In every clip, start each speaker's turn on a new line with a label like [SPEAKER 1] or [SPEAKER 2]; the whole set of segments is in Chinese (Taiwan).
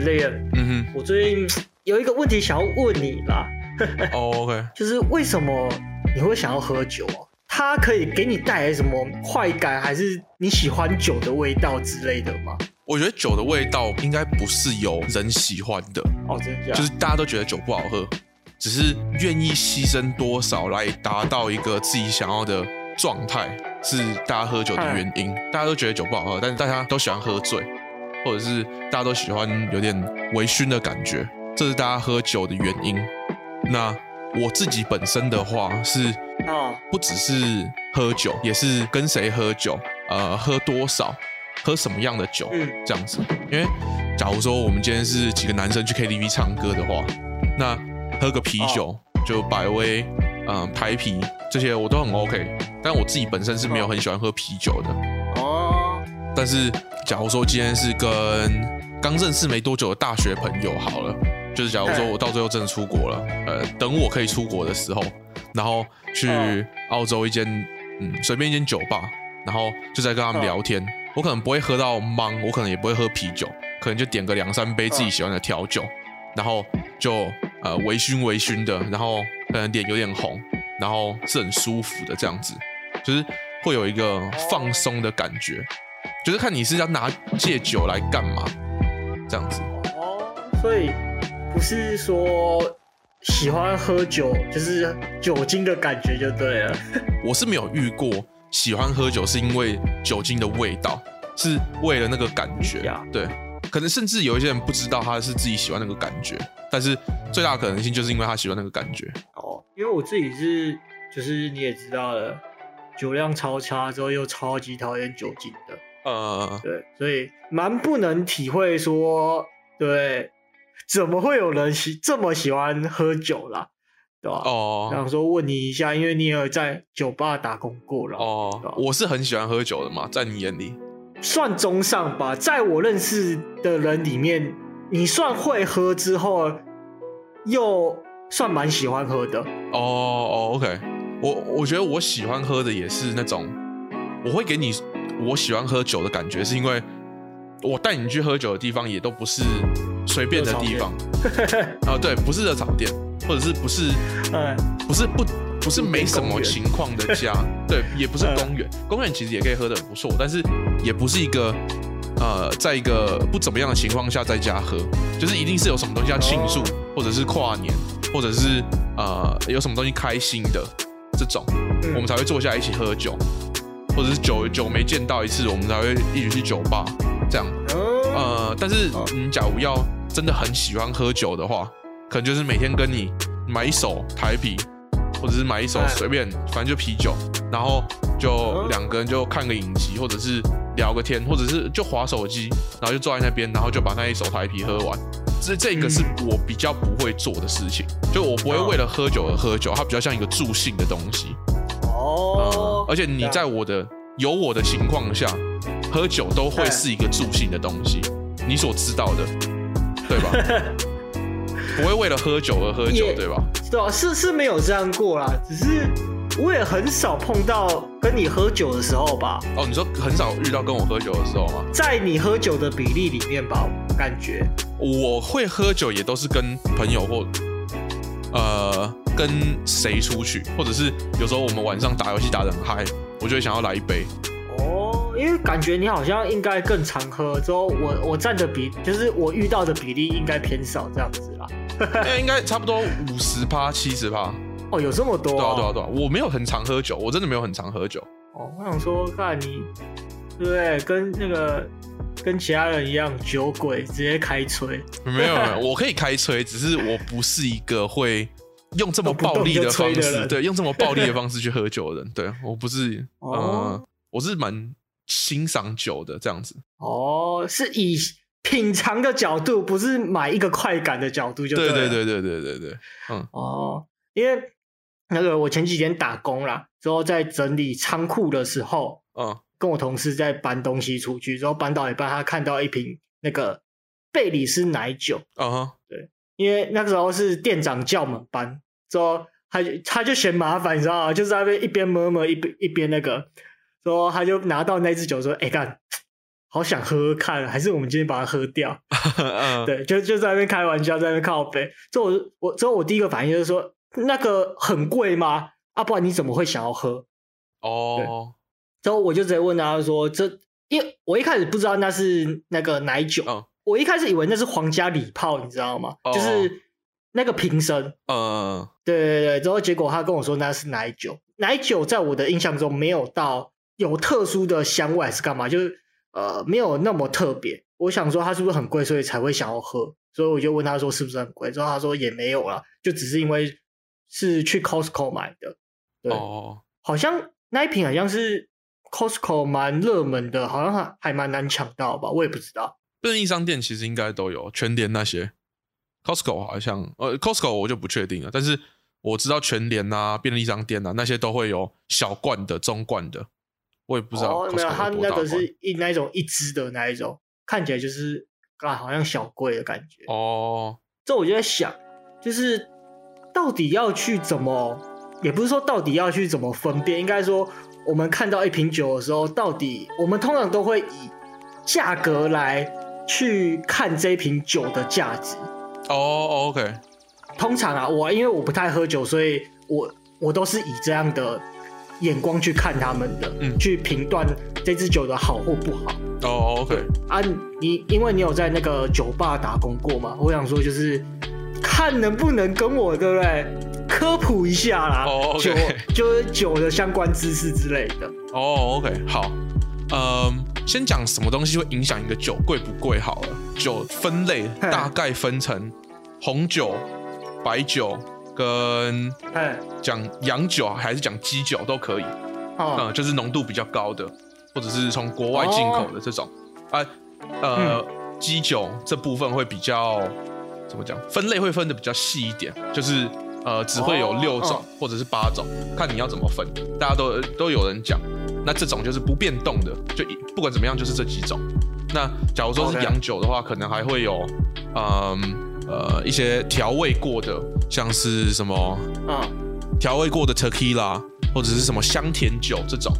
[SPEAKER 1] 累了，嗯哼，我最近有一個問題想要問你啦。
[SPEAKER 2] oh, OK，
[SPEAKER 1] 就是為什麼你會想要喝酒？它可以給你帶來什麼快感，還是你喜歡酒的味道之類的嗎？
[SPEAKER 2] 我覺得酒的味道應該不是有人喜歡的。
[SPEAKER 1] 哦，真的這樣。就是
[SPEAKER 2] 大家都覺得酒不好喝，只是願意犧牲多少來達到一個自己想要的狀態，是大家喝酒的原因。啊、大家都覺得酒不好喝，但是大家都喜歡喝醉。或者是大家都喜歡有點微醺的感覺，這是大家喝酒的原因。那我自己本身的話是，不只是喝酒，也是跟誰喝酒，呃，喝多少，喝什麼樣的酒，這樣子。因為假如說我們今天是幾個男生去 KTV 唱歌的話，那喝個啤酒就百威、嗯，台啤這些我都很 OK，但我自己本身是沒有很喜歡喝啤酒的。但是，假如說今天是跟剛認識沒多久的大學朋友好了，就是假如說我到最後真的出國了，呃，等我可以出國的時候，然後去澳洲一間嗯隨便一間酒吧，然後就在跟他們聊天，我可能不會喝到茫，我可能也不會喝啤酒，可能就點個兩三杯自己喜歡的調酒，然後就呃微醺微醺的，然後可能臉有點紅，然後是很舒服的這樣子，就是會有一個放鬆的感覺。就是看你是要拿借酒來幹嘛，這樣子。哦，
[SPEAKER 1] 所以不是說喜歡喝酒就是酒精的感覺就
[SPEAKER 2] 對了。我是沒有遇過喜歡喝酒是因為酒精的味道，是為了那個感覺。對，可能甚至有一些人不知道他是自己喜歡那個感覺，但是最大的可能性就是因為他喜歡那個感覺。哦，
[SPEAKER 1] 因為我自己是就是你也知道了，酒量超差之後又超級討厭酒精的。呃，對，所以蠻不能體會說，對，怎麼會有人喜這麼喜歡喝酒啦，
[SPEAKER 2] 對吧？哦，想
[SPEAKER 1] 說問你一下，因為你也
[SPEAKER 2] 有在酒吧打工過了。哦，對吧？我是很喜歡喝酒的嘛，在你眼裡
[SPEAKER 1] 算中上吧？在我認識的人裡面，你算會喝之後，
[SPEAKER 2] 又算蠻喜歡喝的。哦哦，OK，我我覺得我喜歡喝的也是那種，我會給你。我喜歡喝酒的感覺，是因為我帶你去喝酒的地方也都不是隨便的地方，熱炒店。 啊，對，不是熱炒店，或者是不是，嗯、不是不不是沒什麼情況的家， 對，也不是公園，嗯、公園其實也可以喝得很不錯，但是也不是一個呃，在一個不怎麼樣的情況下在家喝，就是一定是有什麼東西要慶祝，哦、或者是跨年，或者是呃有什麼東西開心的這種，嗯、我們才會坐下來一起喝酒。或者是久，久沒見到一次，我們才會一起去酒吧這樣。呃，但是你假如要真的很喜歡喝酒的話，可能就是每天跟你買一手台啤，或者是買一手隨便，反正就啤酒，然後就兩個人就看個影集，或者是聊個天，或者是就滑手機，然後就坐在那邊，然後就把那一手台啤喝完。所以這個是我比較不會做的事情，就我不會為了喝酒而喝酒，它比較像一個助興的東西。哦、嗯，而且你在我的對有我的情況下，喝酒都會是一個助興的東西，啊、你所知道的，對吧？ 不會為了喝酒而喝酒，也對吧？
[SPEAKER 1] 對吧，是是沒有這樣過啦，只是我也很少碰到跟你喝酒的時候吧。
[SPEAKER 2] 哦，你說很少遇到跟我喝酒的時候嗎？嗯、
[SPEAKER 1] 在你喝酒的比例裡面吧，我感覺
[SPEAKER 2] 我會喝酒也都是跟朋友或呃。跟誰出去，或者是有時候我們晚上打遊戲打得很嗨，我就會想要來一杯。
[SPEAKER 1] 哦，因為感覺你好像應該更常喝，之後我我佔的比，就是我遇到的比例應該偏少這樣子
[SPEAKER 2] 啦。 應該差不多五十趴、七十趴。哦，有這麼多哦？對啊，對啊，對啊。我沒有很常喝酒，我真的沒有很常喝酒。哦，
[SPEAKER 1] 我想說，看你對對，跟那個跟其他人一樣，酒鬼直接開吹。 沒有，沒
[SPEAKER 2] 有，我可以開吹，只是我不是一個會。用這麼暴力的方式，對，用這麼暴力的方式去喝酒的人， 對，我不是，哦、呃，我是蠻欣賞酒的這樣子。
[SPEAKER 1] 哦，是以品嘗的角度，不是買一個快感的角度，就對對對
[SPEAKER 2] 對對對對，嗯，哦，
[SPEAKER 1] 因為那個我前幾天打工啦，之後，在整理倉庫的時候，嗯，跟我同事在搬東西出去，之後搬到一半，他看到一瓶那個貝里斯奶酒，
[SPEAKER 2] 啊、uh，huh、對。
[SPEAKER 1] 因為那個時候是店長叫我們搬，之後他就他就嫌麻煩，你知道嗎？就是在那邊一邊摸摸一邊一邊那個，之後他就拿到那支酒說：“哎、欸、幹，好想喝喝看，還是我們今天把它喝掉？” 嗯、
[SPEAKER 2] 對，
[SPEAKER 1] 就就在那邊開玩笑，在那邊靠北。之後我之後我，我第一個反應就是說：“那個很貴嗎？啊，不然你怎麼會想要喝？”哦，之後我就直接問他說：“這因為我一開始不知道那是那個奶酒。嗯”我一開始以為那是皇家禮炮，你知道嗎？Oh. 就是那個瓶身，嗯、uh. 對對對。之後結果他跟我說那是奶酒，奶酒在我的印象中沒有到有特殊的香味還是幹嘛，就是呃沒有那麼特別。我想說他是不是很貴，所以才會想要喝？所以我就問他說是不是很貴？之後他說也沒有啦，就只是因為是去 Costco 買的。
[SPEAKER 2] 對哦，oh.
[SPEAKER 1] 好像那一瓶好像是 Costco 蠻熱門的，好像還還蠻難搶到吧？我也不知
[SPEAKER 2] 道。便利商店其實應該都有全聯那些，Costco 好像，呃，Costco 我就不確定了。但是我知道全聯啊、便利商店啊那些都會有小罐的、中罐的。我也不知道、哦，沒有、啊，他那個是
[SPEAKER 1] 一那一種一支的那一種，看起來就是啊，好像小貴的感覺哦。這我就在想，就是到底要去怎麼，也不是說到底要去怎麼分辨，應該說我們看到一瓶酒的時候，到底我們通常都會以價格來去看這瓶酒的價值
[SPEAKER 2] 哦，OK。
[SPEAKER 1] 通常啊，我因為我不太喝酒，所以我我都是以這樣的眼光去看他們的，嗯，去評斷這支酒的好或不好
[SPEAKER 2] 哦，OK。
[SPEAKER 1] 啊，你因為你有在那個酒吧打工過嘛，我想說就是看能不能跟我對不對科普一下啦，哦，OK。酒就是
[SPEAKER 2] 酒的相關
[SPEAKER 1] 知識之類
[SPEAKER 2] 的哦，OK。好，嗯。先講什麼東西會影響你的酒貴不貴好了。酒分類大概分成紅酒、嘿白酒跟講洋酒還是講基酒都可以。嗯、哦呃，就是濃度比較高的，或者是從國外進口的這種。哦哦哦啊，呃，嗯、基酒這部分會比較怎麼講？分類會分的比較細一點，就是呃，只會有六種哦哦哦或者是八種，看你要怎麼分。大家都都有人講。那這種就是不變動的，就不管怎麼樣，就是這幾種。那假如說是洋酒的話，Okay. 可能還會有，嗯呃一些調味過的，像是什麼嗯調、uh. 味過的 tequila 或者是什麼香甜酒這種，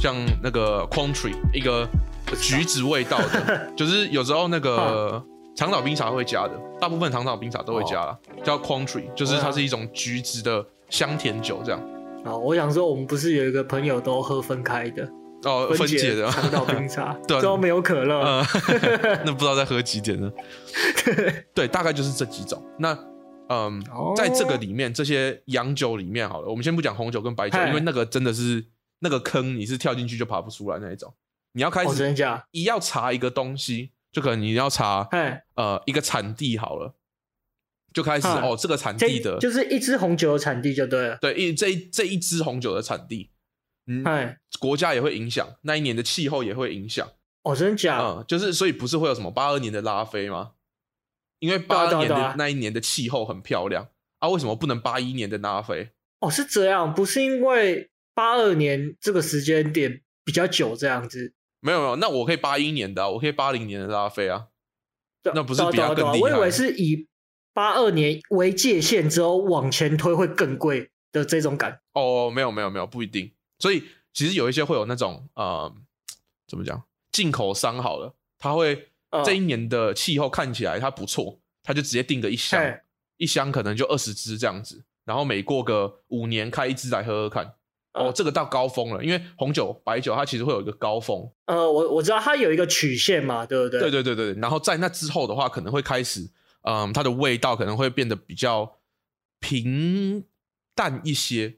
[SPEAKER 2] 像那個 Cointreau 一個橘子味道的， 就是有時候那個長島冰茶會加的，大部分長島冰茶都會加啦，uh. 叫 Cointreau，就是它是一種橘子的香甜酒這樣。
[SPEAKER 1] 啊，我想說，我們不是有一個朋友都喝分開的
[SPEAKER 2] 哦？分解的，長島冰茶，對，最後沒有可樂，那不知道在喝幾點呢？對，大概就是這幾種。那，嗯，在這個裡面，這些洋酒裡面好了，我們先不講紅酒跟白酒，因為那個真的是那個坑，你是跳進去就爬不出來那一種。你要開始一，你要查一個東西，就可能你要查，呃，一個產地好了。就開始哈哦，這個產地的，就是一支紅酒的產地就對了。對，因為這這一支紅酒的產地，嗯，哎嘿，國家也會影響，那一年的氣候也會影響。哦，真的假的？嗯，就是所以不是會有什麼八二年的拉菲嗎？因為八二年的那一年的氣候很漂亮啊,啊,啊,啊，為什麼不能八一年的拉菲？
[SPEAKER 1] 哦，是這樣，不是因為八二年這個時間點比較久這樣子？
[SPEAKER 2] 沒有沒有，那我可以八一年的、啊，我可以八零年的拉菲啊。對那不是比他更厲害、啊啊啊？我以為是
[SPEAKER 1] 以。八二年為界限，之後往前推會更貴的這種感
[SPEAKER 2] 哦？沒有沒有沒有不一定，所以其實有一些會有那種呃，uh, 怎麼講，進口商好了，他會這一年的氣候看起來它不錯，他、uh, 就直接訂個一箱，Hey. 一箱可能就二十支這樣子，然後每過個五年開一支來喝喝看。哦、oh,，uh. 這個到高峰了，因為紅酒、白酒它其實會有一個高峰。
[SPEAKER 1] 呃、uh,，我我知道它有一個
[SPEAKER 2] 曲線嘛，對不對？對對對對。然後在那之後的話，可能會開始。嗯，它的味道可能會變得比較平淡一些，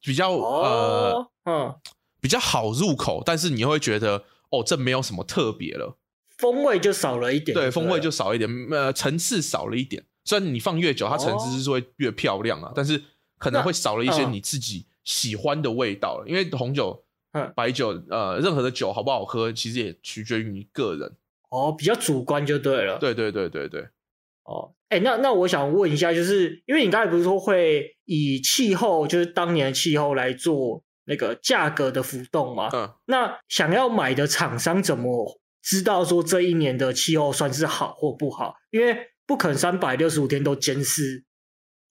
[SPEAKER 2] 比較、哦、呃，嗯，比較好入口。但是你會覺得，哦，這沒有什麼特別了，風味就少了一點，對，是吧？風味就少一點，呃，層次少了一點。雖然你放越久，它層次是會越漂亮啊，哦、但是可能會少了一些你自己喜歡的味道、嗯、因為紅酒、白酒，呃，任何的酒好不好喝，其實也取決於你個人。哦，比較主觀就對了。對對對對對。哦，
[SPEAKER 1] 哎、欸，那那我想問一下，就是因為你剛才不是說會以氣候，就是當年的氣候來做那個價格的浮動嗎？嗯，那想要買的廠商怎麼知道說這一年的氣候算是好或不好？因為不可能三百六十五天都監視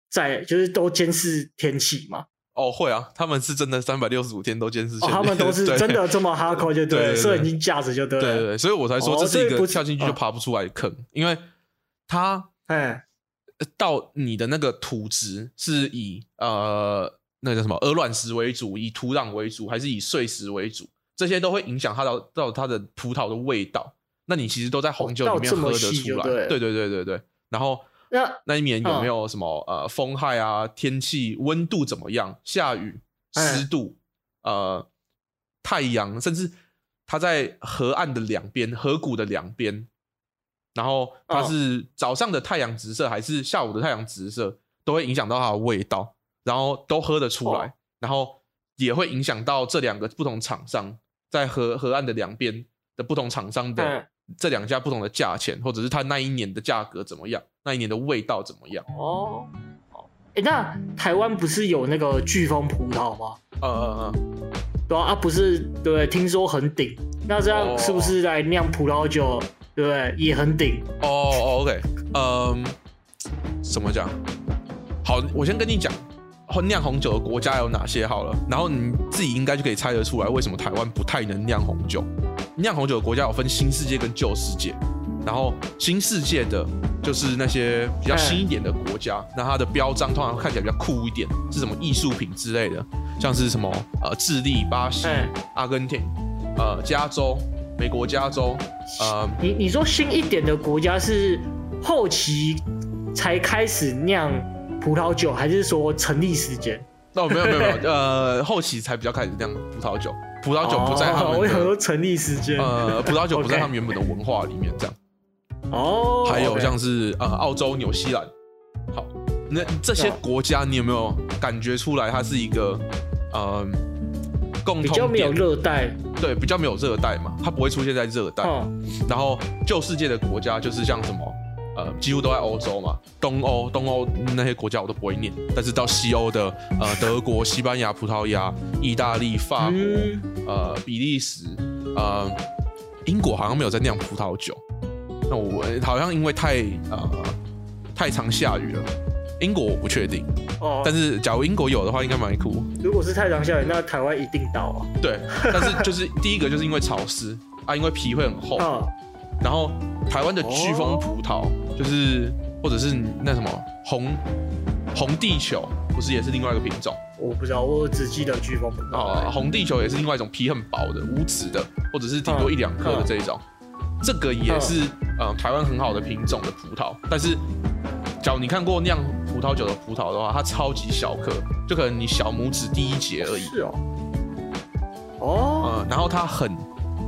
[SPEAKER 1] 在，就是都監視天氣嘛。
[SPEAKER 2] 哦，會啊，他們是真的三百六十五天都監視。哦。他們都是真的這麼 hardcore 就對，攝影機
[SPEAKER 1] 架着就對。對對對，所以我才說這是一個跳進去就爬
[SPEAKER 2] 不出來的坑，哦、因為它哎，到你的那個土質是以嘿呃那個叫什麼鵝卵石為主，以土壤為主，還是以碎石為主，這些都會影響它的到，到它的葡萄的味道。那你其實都在紅酒裡面、哦、喝得出來。對對對對對，對，然後。Yeah, 那一年有沒有什麼、uh, 呃風害啊？天氣溫度怎麼樣？下雨濕度、uh, 呃太陽，甚至它在河岸的兩邊、河谷的兩邊，然後它是早上的太陽直射還是下午的太陽直射，都會影響到它的味道，然後都喝得出來，uh, 然後也會影響到這兩個不同廠商在河河岸的兩邊的不同廠商的。Uh, 這兩家不同的價錢，或者是它那一年的價格怎麼樣？那一年的味道怎麼樣？
[SPEAKER 1] 哦，哎，那台灣不是有那個巨峰葡萄嗎？嗯嗯嗯。對啊，啊不是，對，聽說很頂。那這樣是不是來釀葡萄酒，哦、對不對？也很頂。
[SPEAKER 2] 哦哦，OK，嗯，怎麼講？好，我先跟你講，釀紅酒的國家有哪些好了，然後你自己應該就可以猜得出來，為什麼台灣不太能釀紅酒。釀紅酒的國家有分新世界跟舊世界，然後新世界的，就是那些比較新一點的國家，欸、那它的標章通常看起來比較酷一點，是什麼藝術品之類的，像是什麼呃，智利、巴西、欸、阿根廷、呃，加州，美國加州。呃，
[SPEAKER 1] 你你說新一點的國家是後期才開始釀葡萄酒，還是說成立時間？
[SPEAKER 2] 哦，沒有沒有沒有，沒有 呃，後期才比較開始釀葡萄酒。葡萄酒不在他們，成立時間。呃，葡萄酒不在他們原本的文化裡面，這樣。哦，oh, okay. 還有像是呃、嗯，澳洲、紐西蘭。好，那這些國家你有沒有感覺出來，它是一個、oh. 嗯、共通點。比較沒有熱帶，對，比較沒有熱帶嘛，它不會出現在熱帶。Oh. 然後舊世界的國家就是像什麼？幾乎都在歐洲嘛，東歐、東歐那些國家我都不會念。但是到西歐的呃德國、西班牙、葡萄牙、意大利、法國、嗯、呃比利時、呃英國好像沒有在釀葡萄酒。那我好像因為太呃太常下雨了，英國我不確定。哦，但是假如英國有的話應該的，應該蠻酷。如果是
[SPEAKER 1] 太常下雨，那台灣一定到、哦。啊。
[SPEAKER 2] 對，但是就是 第一個就是因為潮濕啊，因為皮會很厚。哦然後台灣的巨峰葡萄，哦、就是或者是那什麼紅紅地球，不是也是另外一個品種？我不知道，我只記得巨峰葡萄。哦，對紅地球也是另外一種皮很薄的、無籽的，或者是頂多一兩顆的這一種。啊啊、這個也是呃、啊嗯、台灣很好的品種的葡萄，但是只要你看過釀葡萄酒的葡萄的話，它超級小顆，就可能你小拇指第一節而已。哦是哦。哦。嗯，然後它很。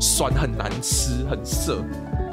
[SPEAKER 2] 酸很難吃，很澀，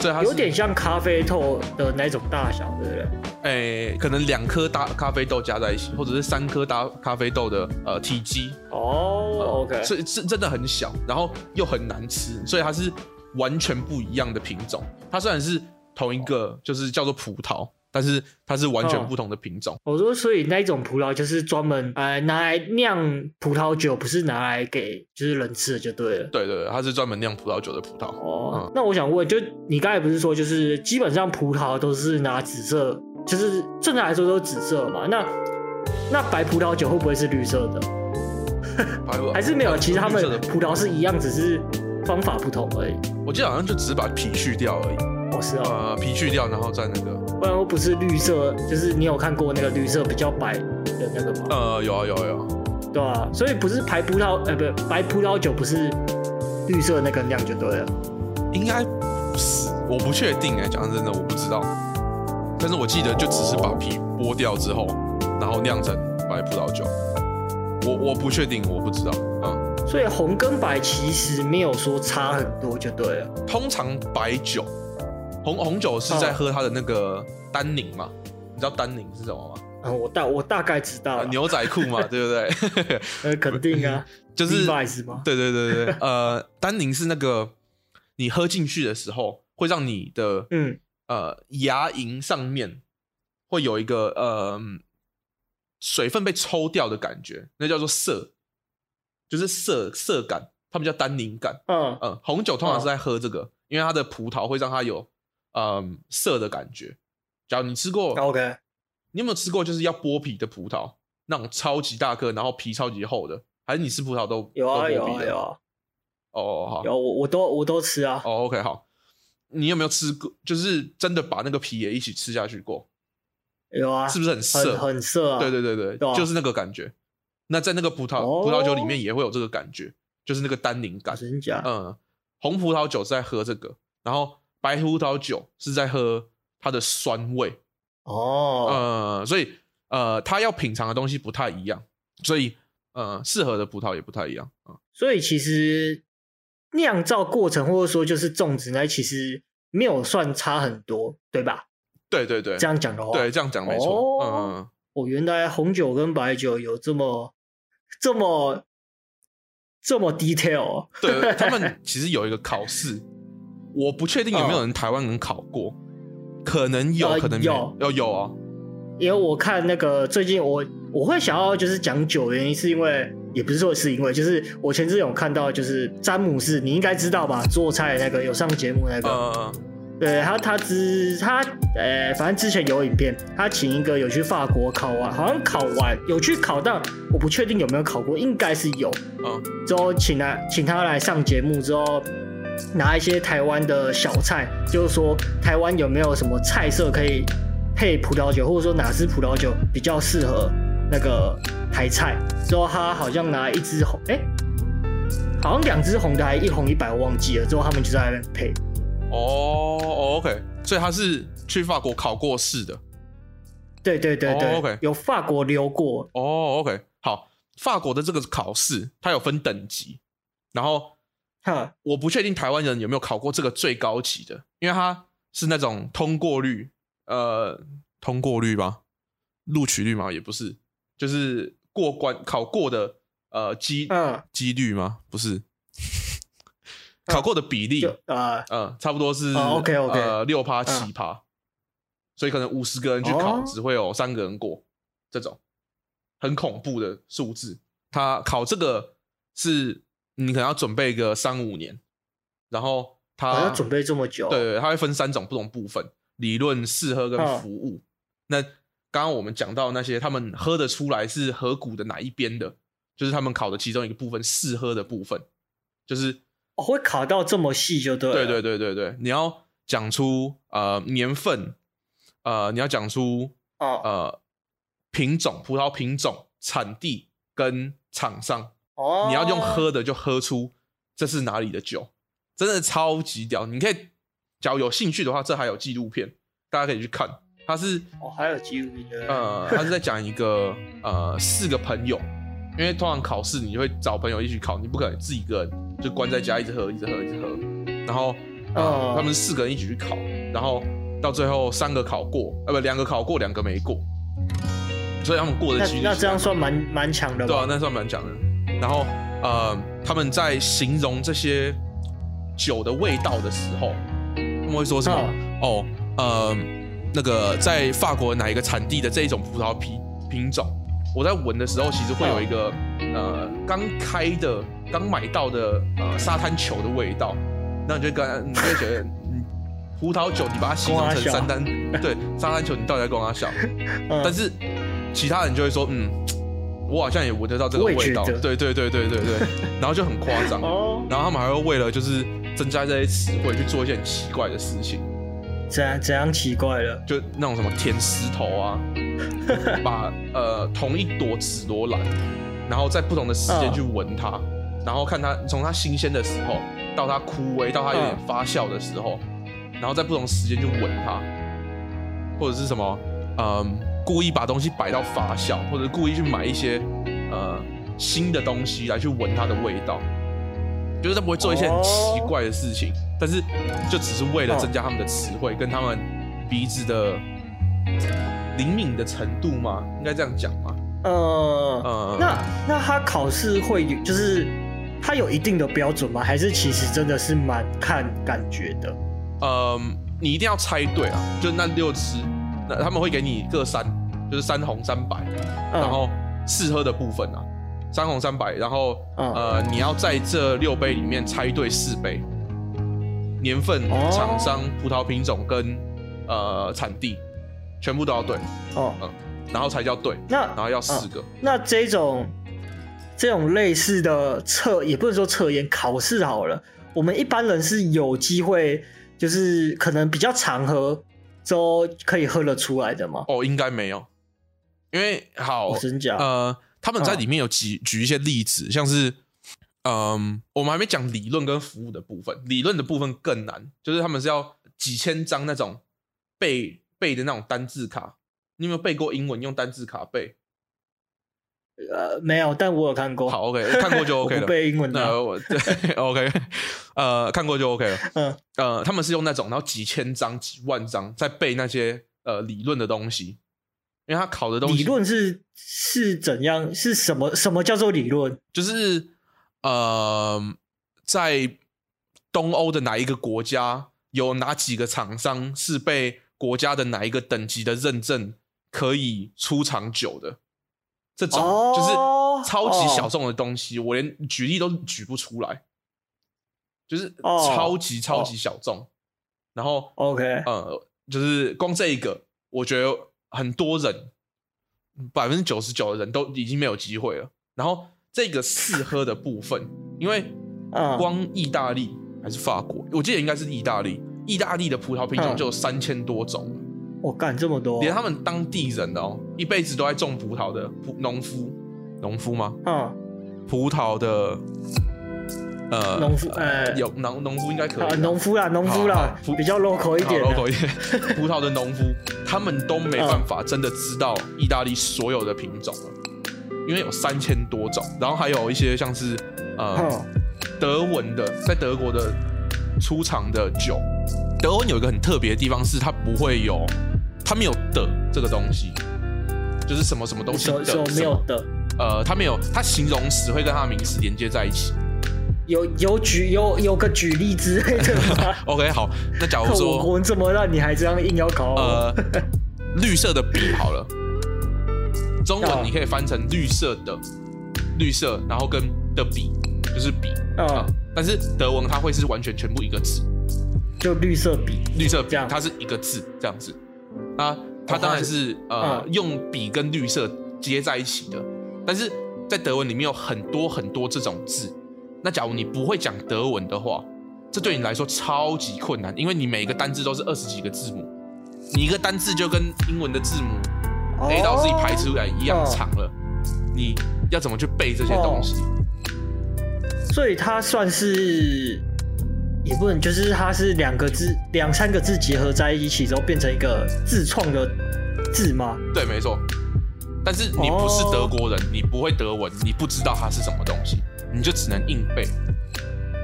[SPEAKER 2] 所以它有點像咖啡豆的那種大小，對不對？哎、欸，可能兩顆大咖啡豆加在一起，或者是三顆大咖啡豆的、呃、體積哦、oh,，OK，、呃、所以是是，真的很小，然後又很難吃，所以它是完全不一樣的品種。它雖然是同一個，oh. 就是叫做葡萄。但是它是完全不同的品種。哦、
[SPEAKER 1] 我說，所以那一種葡萄就是專門呃拿來釀葡萄酒，不是拿來給就是人吃的就
[SPEAKER 2] 對了。對對對，它是專門釀葡萄酒的葡萄。哦，嗯、
[SPEAKER 1] 那我想問，就你剛才不是說，就是基本上葡萄都是拿紫色，就是正常來說都是紫色嘛？那那白葡萄酒會不會是綠色的？ 白白還是沒有？白白其實他們葡萄，葡，萄葡萄是一樣，只是方法不同而已。
[SPEAKER 2] 我記得好像就只把皮去掉而已。是啊、哦嗯，皮去掉然後再那個，
[SPEAKER 1] 不然不是綠色，就是你有看過那個綠色比較白
[SPEAKER 2] 的那個嗎？呃、嗯，有啊有啊有啊，
[SPEAKER 1] 對啊，所以不是白葡萄，呃，不，白葡萄酒不是綠色那個釀就對了。應該
[SPEAKER 2] 是，我不確定哎、欸，講真的我不知道，但是我記得就只是把皮剝掉之後，哦、然後釀成白葡萄酒。我我不確定，我不知道啊。嗯、所以紅跟白其實沒有說差很多就對了。通常白酒。紅紅酒是在喝它的那個單寧嘛？啊、你知道單寧是什麼嗎？
[SPEAKER 1] 啊，我大我大概知道，牛仔褲嘛， 對不對？呃， 肯定啊，
[SPEAKER 2] 就是對對對對， 呃，單寧是那個你喝進去的時候會讓你的嗯呃牙齦上面會有一個嗯、呃、水分被抽掉的感覺，那叫做澀，就是澀澀感，它們叫單寧感。嗯嗯、啊呃，紅酒通常是在喝這個，啊、因為它的葡萄會讓它有。嗯，澀的感覺。假如你吃過，OK，你有沒有吃過就是要剝皮的葡萄，那種超級大顆，然後皮超級厚的？還是你吃葡萄都有啊有啊有啊？哦好，有我我都我都吃啊。哦 OK 好，你有沒有吃過？就是真的把那個皮也一起吃下去過？有啊，是不是很澀？很澀啊？對對對對，就是那個感覺。那在那個葡萄葡萄酒裡面也會有這個感覺，就是那個單寧感。真假？嗯，紅葡萄酒是在喝這個，然後。白葡萄酒是在喝它的酸味哦，oh. 呃，所以呃，它要品嘗的東西不太一樣，所以呃，適合的葡萄也不太一樣、嗯、
[SPEAKER 1] 所以其實釀造過程或者說就是種植呢，其實沒有算差很多，對吧？
[SPEAKER 2] 對對對，這樣講的話，對，這樣講沒錯。Oh.
[SPEAKER 1] 嗯，我、哦、原來紅酒跟白酒有這麼這麼這麼 detail 哦。對他們
[SPEAKER 2] 其實有一個考試。 我不確定有沒有人台灣人考過，可能有可能有，要有啊，
[SPEAKER 1] 因為我看那個最近我我會想要就是講酒，原因是因為也不是說是因為，就是我前陣有看到就是詹姆士，你應該知道吧，做菜那個有上節目那個，uh, 對，他他之他呃反正之前有影片，他請一個有去法國考完，好像考完有去考到，但我不確定有沒有考過，應該是有，uh, 之後請來請他來上節目之後。拿一些台灣的小菜，就是說台灣有沒有什麼菜色可以配葡萄酒，或者說哪支葡萄酒比較適合那個台菜？之後他好像拿一支紅，哎、欸，好像兩支紅的，還一紅一白，我忘記了。之後他們就在那邊配。
[SPEAKER 2] 哦、oh,，OK，所以他是去法國考過試的。
[SPEAKER 1] 對對對對、oh,，OK，
[SPEAKER 2] 有法國留過。哦、oh,，OK，好，法國的這個考試它有分等級，然後。Huh. 我不確定台灣人有沒有考過這個最高級的，因為他是那種通過率，呃，通過率嗎？錄取率嘛，也不是，就是過關考過的，呃，機幾率嗎？不是，uh. 考過的比例啊，uh. 呃，差不多是 uh. Uh, okay, okay. 呃，六趴七趴，7 uh. 所以可能五十個人去考，oh. 只會有三個人過，這種很恐怖的數字。他考這個是。你可能要準備個三五年，然後他、啊、要準備這麼久。啊，對、對、對，他會分三種不同部分：理論試喝跟服務。哦，那剛剛我們講到那些，他們喝得出來是河谷的哪一邊的，就是他們考的其中一個部分試喝的部分，就是哦，會考到這麼細就對了。對對對對對，你要講出呃年份，呃你要講出、哦、呃品種葡萄品種產地跟廠商。你要用喝的就喝出這是哪裡的酒，真的超級屌！你可以，假如有興趣的話，這還有紀錄片，大家可以去看。他是哦，還有紀錄片？呃，他是在講一個呃四個朋友，因為通常考試你就會找朋友一起考，你不可能自己一個人就關在家一直喝，一直喝，一直喝。然後呃他們是四個人一起去考，然後到最後三個考過，呃不，兩個考過，兩個沒過，所以他們過的機率。那這樣算蠻蠻強的，對啊，那算蠻強的。然後，呃，他們在形容這些酒的味道的時候，他們會說什麼？啊、哦，呃，那個在法國哪一個產地的這一種葡萄品品種？我在聞的時候，其實會有一個、啊、呃，剛開的、剛買到的呃，沙灘球的味道。那你就跟你就覺得，嗯， 葡萄酒你把它形容成，成三單阿 對，沙灘球你到底在講啥小笑？但是其他人就會說，嗯。我好像也聞得到這個味道，對對對對對對， 然後就很誇張，oh. 然後他們還會為了就是增加這些詞彙去做一些很奇怪的事情，怎樣怎樣奇怪了？就那種什麼舔石頭啊， 把呃同一朵紫羅蘭，然後在不同的時間去聞它，uh. 然後看它從它新鮮的時候到它枯萎到它有點發酵的時候，uh. 然後在不同的時間去聞它，或者是什麼，嗯。故意把東西擺到發酵，或者故意去買一些呃新的東西來去聞它的味道，就是他不會做一些很奇怪的事情，oh. 但是就只是為了增加他們的詞彙、oh. 跟他們鼻子的靈敏的程度嘛？應該這樣講嗎？
[SPEAKER 1] 呃，那那他考試會有，就是他有一定的標準嗎？還是其實真的是蠻看感覺的？
[SPEAKER 2] 呃，你一定要猜對啊，就那六支。他們會給你各三，就是三紅三白，然後試喝的部分啊，嗯、三紅三白，然後、嗯、呃，你要在這六杯裡面猜對四杯，年份、廠、哦、商、葡萄品種跟呃產地，全部都要對哦，嗯，然後才叫對，那然後要四個，哦、
[SPEAKER 1] 那這種這種類似的測也不能說測驗考試好了，我們一般人是有機會，就是可能比較常喝。粥可以喝得出來的嗎？
[SPEAKER 2] 哦，應該沒有，因為好，真假呃，他們在裡面有舉、啊、舉一些例子，像是，嗯、呃，我們還沒講理論跟服務的部分，理論的部分更難，就是他們是要幾千張那種背背的那種單字卡，你有沒有背過英文用單字卡背？
[SPEAKER 1] 呃，沒有，但我有看過。好，OK，看過就 OK 了。我不背英文的，
[SPEAKER 2] 呃，對，OK，呃，看過就 OK 了。嗯，呃，他們是用那種，然後幾千張、幾萬張在背那些呃理論的東西，因為他考的東西。理論是是怎樣？是什麼？什麼叫做理論？就是呃，在東歐的哪一個國家，有哪幾個廠商是被國家的哪一個等級的認證可以出廠酒的？這種就是超級小眾的東西，oh, oh. 我連舉例都舉不出來，就是超級超級小眾。Oh, oh. 然後，OK，呃、嗯，就是光這一個，我覺得很多人百分之九十九的人都已經沒有機會了。然後，這個試喝的部分， 因為光意大利還是法國，oh. 我記得應該是意大利，意大利的葡萄品種就有三千多種。嗯
[SPEAKER 1] 我幹這麼多、哦，連他們
[SPEAKER 2] 當地人哦，一輩子都在種葡萄的農夫，農夫嗎？嗯、哦，葡萄的呃農夫、欸、呃有農農夫應該可以。農
[SPEAKER 1] 夫啦，農夫啦，比較 local 一點。local 一
[SPEAKER 2] 點，葡萄的農夫， 他們都沒辦法真的知道意大利所有的品種，因為有三千多種，然後還有一些像是呃、哦、德文的，在德國的出廠的酒，德文有一個很特別的地方是它不會有。他沒有的這個東西，就是什麼什麼東西有沒有的，呃，他沒有，他形容詞會跟他名詞連接在一起。
[SPEAKER 1] 有有舉有有個舉例之類的
[SPEAKER 2] 嗎？ o、okay, k 好，那假如說我
[SPEAKER 1] 們怎麼讓你還這樣硬要考，呃，
[SPEAKER 2] 綠色的筆好了， 中文你可以翻成綠色的綠色，然後跟的筆就是筆啊，嗯嗯，但是德文它會是完全全部一個字，就綠色筆，綠色這樣，它是一個字這樣子。啊，那它當然是呃用筆跟綠色接在一起的，但是在德文裡面有很多很多這種字。那假如你不會講德文的話，這對你來說超級困難，因為你每個單字都是二十幾個字母，你一個單字就跟英文的字母 A 到 Z 排出來一樣長了，你要怎麼去背這些東西？哦、
[SPEAKER 1] 所以它算是。也不能，就是它是兩個字、兩三個字結合在一起之後變成一個自創的字嗎？
[SPEAKER 2] 對，沒錯。但是你不是德國人，哦、你不會德文，你不知道它是什麼東西，你就只能硬背。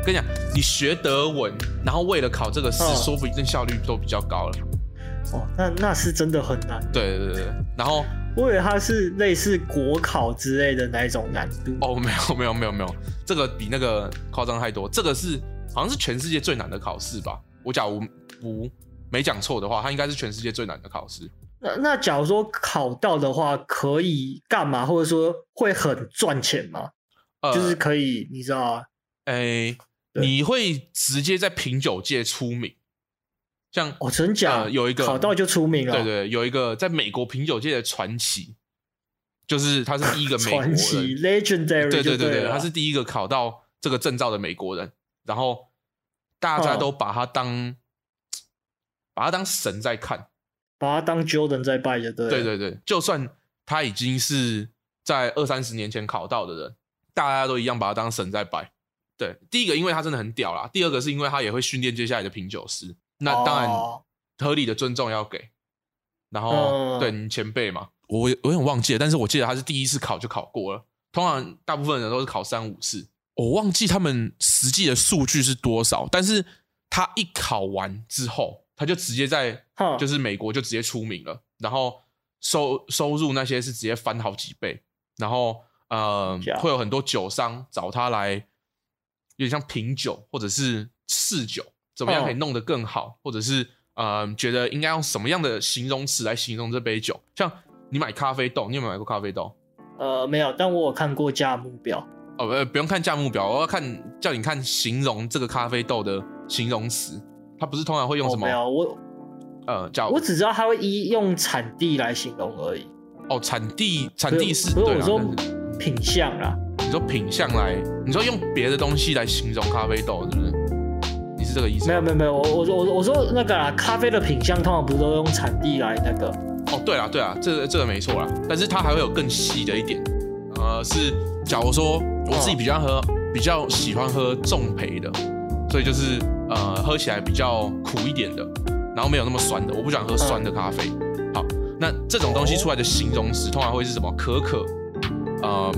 [SPEAKER 2] 跟你講，你學德文，然後為了考這個試，哦、說不定效率都比較高了。
[SPEAKER 1] 哦，那那是真的很難。
[SPEAKER 2] 對對對對。然
[SPEAKER 1] 後我以為它是類似國考之類的那一種難度。哦，沒
[SPEAKER 2] 有沒有沒有沒有，這個比那個誇張太多。這個是。好像是全世界最難的考試吧？我假如不沒講錯的話，它應該是全世界最難的考試。
[SPEAKER 1] 那那假如說考到的話，可以幹嘛？或者說會很賺錢嗎？呃、就是可
[SPEAKER 2] 以，你知道啊哎，欸、對你會直接在品酒界出名，像我、哦、真假、呃、有一個考到
[SPEAKER 1] 就出名了。
[SPEAKER 2] 對,對對，有一個在美國品酒界的傳奇，就是他是第一個美國人 傳奇
[SPEAKER 1] legendary 對對對對，對他是
[SPEAKER 2] 第一個考到這個證照的美國人。然後大家都把他當、oh. 把他當神在看，
[SPEAKER 1] 把他當 Jordan 在拜也對，對對
[SPEAKER 2] 對，就算他已經是在二三十年前考到的人，大家都一樣把他當神在拜。對，第一個因為他真的很屌啦，第二個是因為他也會訓練接下來的品酒師，那當然合理的尊重要給。然後、oh. 對你前輩嘛，我我有點忘記了，但是我記得他是第一次考就考過了，通常大部分人都是考三五次。我、哦、忘記他們實際的數據是多少，但是他一考完之後，他就直接在，哼就是美國就直接出名了，然後收收入，那些是直接翻好幾倍，然後嗯，呃、的會有很多酒商找他來，有點像品酒或者是試酒，怎麼樣可以弄得更好，哼或者是嗯、呃，覺得應該用什麼樣的形容詞來形容這杯酒，像你買咖啡豆，你有沒有買過咖啡豆？
[SPEAKER 1] 呃，沒有，但我有看過價目
[SPEAKER 2] 表。哦，不、欸，不用看價目表，我要看叫你看形容這個咖啡豆的形容詞，它不是通常會用什麼？哦、沒有我，呃、嗯，叫，我只知道
[SPEAKER 1] 它會依用產地來形容而已。
[SPEAKER 2] 哦，產地，產地是。不是，不是我說品相啦，啦啦你說品相來？你說用別的東西來形容咖啡豆，是不是？你是這個意
[SPEAKER 1] 思嗎？沒有沒有沒有，我我說我我說那個啊，咖啡的品相通常不是都用產地來那個？
[SPEAKER 2] 哦，對啦，對啦，這個、這個沒錯啦，但是它還會有更細的一點，呃，是。假如說我自己比較喝，哦、比較喜歡喝重焙的，所以就是呃喝起來比較苦一點的，然後沒有那麼酸的，我不喜歡喝酸的咖啡。嗯、好，那這種東西出來的形容詞通常會是什麼？可可，呃，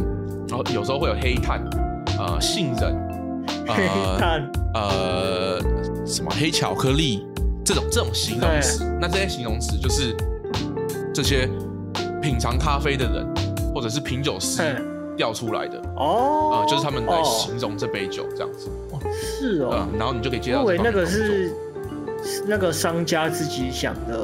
[SPEAKER 2] 然後有時候會有黑炭，呃，杏仁，呃、黑炭，呃，什麼黑巧克力這種這種形容詞。對那這些形容詞就是這些品嘗咖啡的人，或者是品酒師。調出來的哦，
[SPEAKER 1] 啊、呃，就是他們來形
[SPEAKER 2] 容這杯酒這樣子哦，是哦、呃，然後你就可以接到。因為那個
[SPEAKER 1] 是那個商家自己想的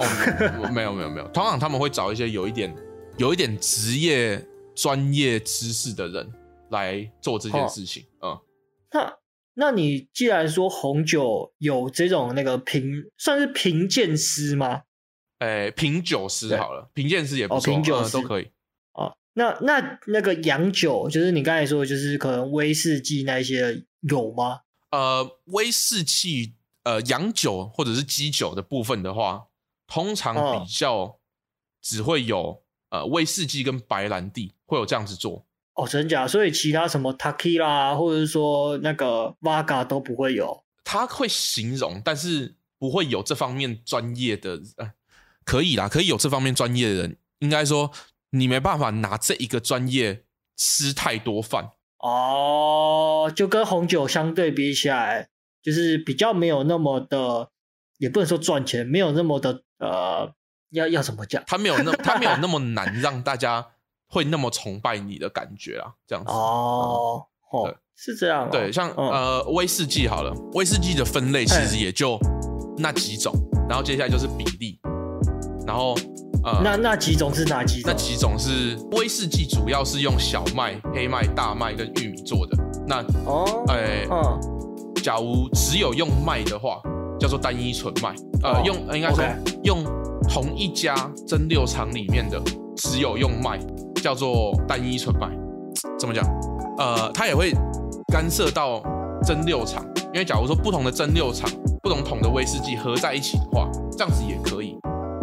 [SPEAKER 2] 哦，沒有沒有沒有，沒有，通常他們會找一些有一點有一點職業專業知識的人來做這件事情啊。哦
[SPEAKER 1] 嗯、那那你既然說紅酒有這種那個評算是評鑑師嗎？
[SPEAKER 2] 哎、欸，評酒師好了，評鑑對師也不錯，哦、評酒師、呃、都可以。
[SPEAKER 1] 那那那個洋酒，就是你剛才說，就是可能威士忌那一些有嗎？
[SPEAKER 2] 呃，威士忌呃洋酒或者是基酒的部分的話，通常比較只會有，哦，呃威士忌跟白蘭地會有這樣子做
[SPEAKER 1] 哦，真假？所以其他什麼塔基啦，或者是說那個瓦嘎都不會有，
[SPEAKER 2] 他會形容，但是不會有這方面專業的。呃，可以啦，可以有這方面專業的人，應該說。你沒辦法拿這一個專業吃太多飯
[SPEAKER 1] 哦，oh, 就跟紅酒相對比起來，就是比較沒有那麼的，也不能說賺錢，沒有那麼的呃，要要怎麼講？
[SPEAKER 2] 他沒有那他沒有那麼難讓大家會那麼崇拜你的感覺啊，這樣子哦，對，是這樣，對，像、嗯、呃威士忌好了，威士忌的分類其實也就那幾種，Hey. 然後接下來就是比例，然後。呃，那那幾種是哪幾種？那幾種是威士忌，主要是用小麥、黑麥、大麥跟玉米做的。那哦，呃，嗯，假如只有用麥的話，叫做單一純麥。哦，呃，呃，用應該說用同一家蒸餾廠裡面的只有用麥，嗯，叫做單一純麥。怎麼講？呃，它也會干涉到蒸餾廠，因為假如說不同的蒸餾廠、不同桶的威士忌合在一起的話，這樣子也可以。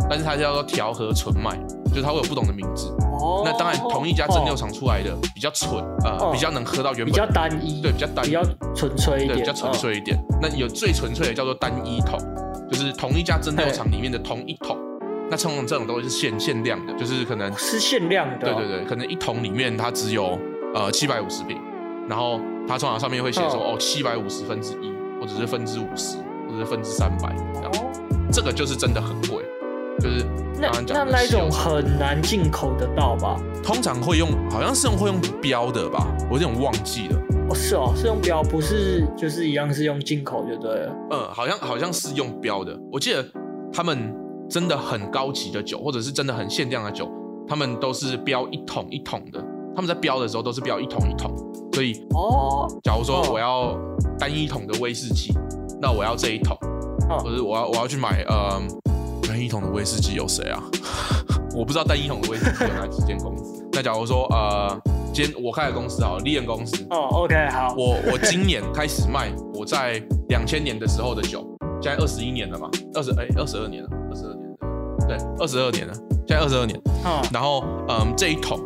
[SPEAKER 2] 但是它叫做調和純麥，就是它會有不同的名字。哦。Oh, 那當然，同一家蒸餾廠出來的比較純、oh, 呃，oh, 比較能喝到原本。比較單一。對，比較單一。比較純粹一點。對，比較純粹一點。Oh. 那有最純粹的叫做單一桶，就是同一家蒸餾廠裡面的同一桶。Hey. 那通常這種東西是限限量的，就是可能。Oh, 是限量的、哦。對對對，可能一桶裡面它只有呃七百五十瓶，然後它通常上面會寫說、oh. 哦七百五十分之一，或者是分之五十，或者是分之三百。哦。這個就是真的很貴。就是那，那那那種很難進口得到吧？通常會用，好像是會用標的吧？我這種忘記了。哦，是哦，
[SPEAKER 1] 是用標，不是就是一樣是用進口就對
[SPEAKER 2] 了。嗯，好像好像是用標的。我記得他們真的很高級的酒，或者是真的很限量的酒，他們都是標一桶一桶的。他們在標的時候都是標一桶一桶，所以
[SPEAKER 1] 哦，
[SPEAKER 2] 假如說我要單一桶的威士忌，哦、那我要這一桶，哦、或者我要我要去買呃。單一桶的威士忌有誰啊？ 我不知道單一桶的威士忌有哪幾間公司。 那假如說呃，今天我開的公司哦，利仁公司。哦、oh，OK，好。 我我今年開始賣，我在兩千年的時候的酒，現在二十一年了嘛？二十，哎，二十二年了，二十二年。對，二十二年了，現在二十二年了。嗯。Oh. 然後嗯、呃，這一桶，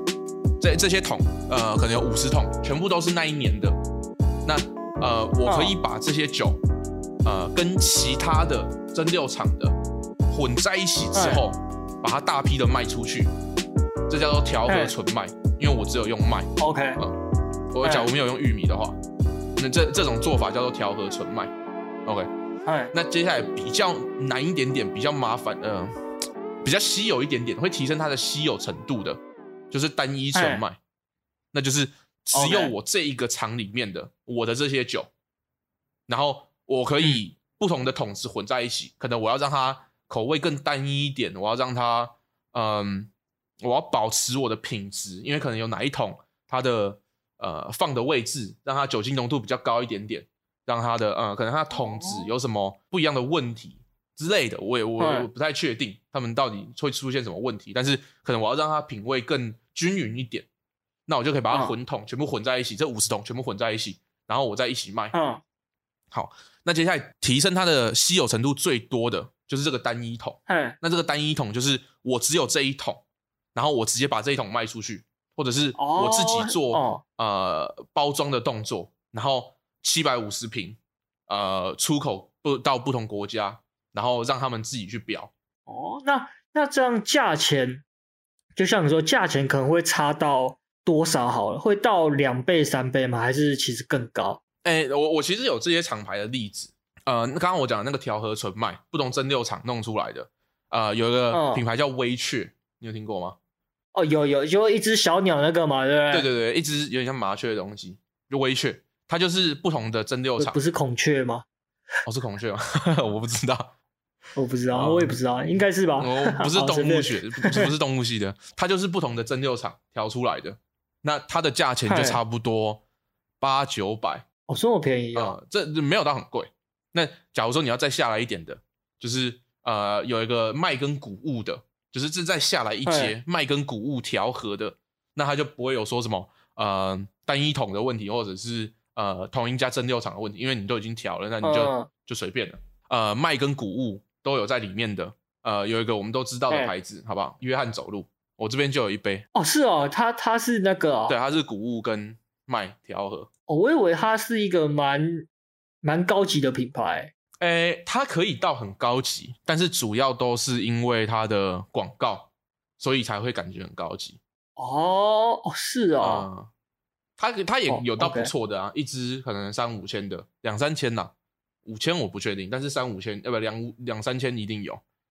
[SPEAKER 2] 這這些桶，呃，可能有五十桶，全部都是那一年的。那呃，我可以把這些酒，oh. 呃，跟其他的蒸餾廠的。混在一起之後，Hey. 把它大批的賣出去，這叫做調和純麥。Hey. 因為我只有用麥，OK，我要講我沒有用玉米的話，那這這種做法叫做調和純麥，OK，Hey. 那接下來比較難一點點，比較麻煩，嗯、呃，比較稀有一點點，會提升它的稀有程度的，就是單一純麥，Hey. 那就是只有我這一個廠裡面的 Okay. 我的這些酒，然後我可以不同的桶子混在一起，嗯、可能我要讓它。口味更單一一點，我要讓它，嗯，我要保持我的品質，因為可能有哪一桶它的，呃，放的位置讓它酒精濃度比較高一點點，讓它的，呃、嗯、可能它的桶子有什麼不一樣的問題之類的，我也我也不太確定他們到底會出現什麼問題，但是可能我要讓它品味更均勻一點，那我就可以把它混桶、嗯、全部混在一起，這五十桶全部混在一起，然後我再一起賣。嗯，好，那接下來提升它的稀有程度最多的。就是這個單一桶，嘿那這個單一桶就是我只有這一桶，然後我直接把這一桶賣出去，或者是我自己做、哦哦、呃包裝的動作，然後七百五十瓶，呃，出口不到不同國家，然後讓他們自己去標。
[SPEAKER 1] 哦，那那這樣價錢，就像你說，價錢可能會差到多少？好了，會到兩倍、三倍嗎？還是其實更高？
[SPEAKER 2] 哎、欸，我我其實有這些廠牌的例子。呃，剛剛我講的那個調和純麥，不同蒸餾廠弄出來的，呃，有一個品牌叫威雀，哦，你有聽過嗎？哦，
[SPEAKER 1] 有有，就一隻小鳥那個嘛，對不對？對
[SPEAKER 2] 對對，一隻有點像麻雀的東西，就威雀，它就是不同的蒸餾廠。不
[SPEAKER 1] 是孔雀嗎？哦，是孔雀嗎 我、
[SPEAKER 2] 哦，我不知道，
[SPEAKER 1] 我不知道，我也不知道，應該是吧？哦、 呃，不是動物學，哦、
[SPEAKER 2] 是不是動物系的，它就是不同的蒸餾廠調出來的，那它的價錢就差不多八九百，嘿哦，這麼便宜啊、呃，這沒有到很貴。那假如說你要再下來一點的，就是呃有一個麥跟穀物的，就是這再下來一階麥跟穀物調和的，哎、那他就不會有說什麼呃單一桶的問題，或者是呃同一家蒸餾廠的問題，因為你都已經調了，那你就、嗯、就隨便了。呃，麥跟穀物都有在裡面的，呃，有一個我們都知道的牌子，哎、好不好？約翰走路，我這邊就有一杯。
[SPEAKER 1] 哦，是哦，它它是那個、哦，對，它
[SPEAKER 2] 是穀物跟麥調和。
[SPEAKER 1] 哦、我以為它是一個蠻。蠻高級的品牌，
[SPEAKER 2] 欸，誒、欸，它可以到很高級，但是主要都是因為它的廣告，所以才會感覺很高級哦。是啊，哦嗯，它它也有到不錯的啊，哦 okay，一支可能三五千的，兩三千吶，啊，五千我不確定，但是三五千呃不兩兩三千一定有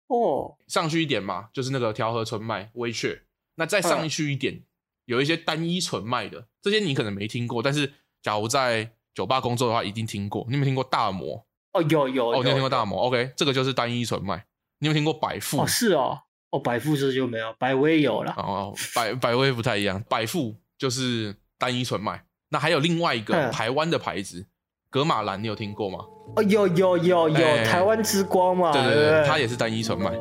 [SPEAKER 2] 哦。上去一點嘛，就是那個調和純麥威雀，那再上去一點，哦、有一些單一純麥的，這些你可能沒聽過，但是假如在。酒吧工作的話，一定聽過。你有沒聽過大摩？
[SPEAKER 1] 哦，有有。你有聽過大
[SPEAKER 2] 摩？OK，這個就是單一純麥。你有聽過百富？哦，是哦。哦，百富是就
[SPEAKER 1] 沒有，百威
[SPEAKER 2] 有了。哦，百百威不太一樣。百富就是單一純麥。那還有另外一個台灣的牌子，噶瑪蘭，你有聽過嗎？
[SPEAKER 1] 哦，有有有有，台灣之光嘛。對對對，它也
[SPEAKER 2] 是單一純麥。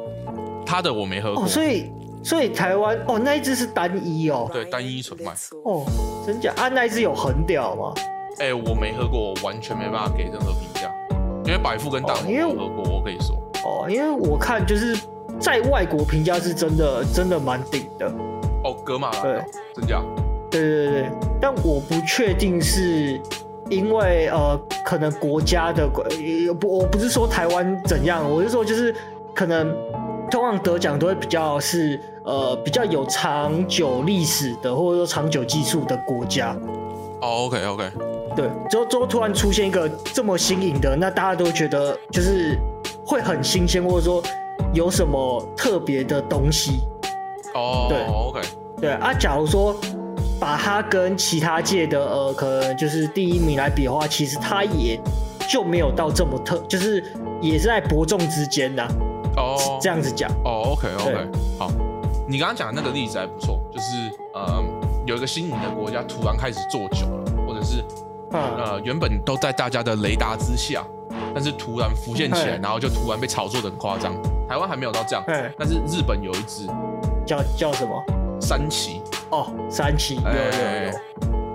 [SPEAKER 2] 它的我沒喝過。所以
[SPEAKER 1] 所以台灣哦，那一支是單一
[SPEAKER 2] 哦。對，單一純麥。
[SPEAKER 1] 哦，真假？啊，那一支有很屌嗎？
[SPEAKER 2] 哎、欸，我沒喝過，我完全沒辦法給任何評價，因為百富跟大龍我沒喝過，喔、我，我可以說
[SPEAKER 1] 哦、喔，因為我看就是在外國評價是真的，真的蠻頂
[SPEAKER 2] 的。哦、喔，噶瑪對，真假、喔？
[SPEAKER 1] 對對對，但我不確定是因為呃，可能國家的管不、呃，我不是說台灣怎樣，我是說就是可能通常得獎都會比較是呃比較有長久歷史的，或者說長久技術的國家。
[SPEAKER 2] 哦、喔、，OK OK。
[SPEAKER 1] 對，之後突然出現一個這麼新穎的，那大家都覺得就是會很新鮮，或者說有什麼特別的東西。
[SPEAKER 2] 哦，對，OK，
[SPEAKER 1] 對啊，假如說把它跟其他屆的呃，可能就是第一名來比的話，其實它也就沒有到這麼特，就是也是在伯仲之間吶、
[SPEAKER 2] 啊。哦，oh, 是這樣子講，哦、oh，OK OK，對好，你剛剛講的那個例子還不錯，就是呃，有一個新穎的國家突然開始做酒了，或者是。嗯、呃，原本都在大家的雷達之下，但是突然浮現起來，嘿然後就突然被炒作得很誇張。台灣還沒有到這樣，嘿但是日本有一支叫叫什麼？山崎崎哦，
[SPEAKER 1] 山崎有有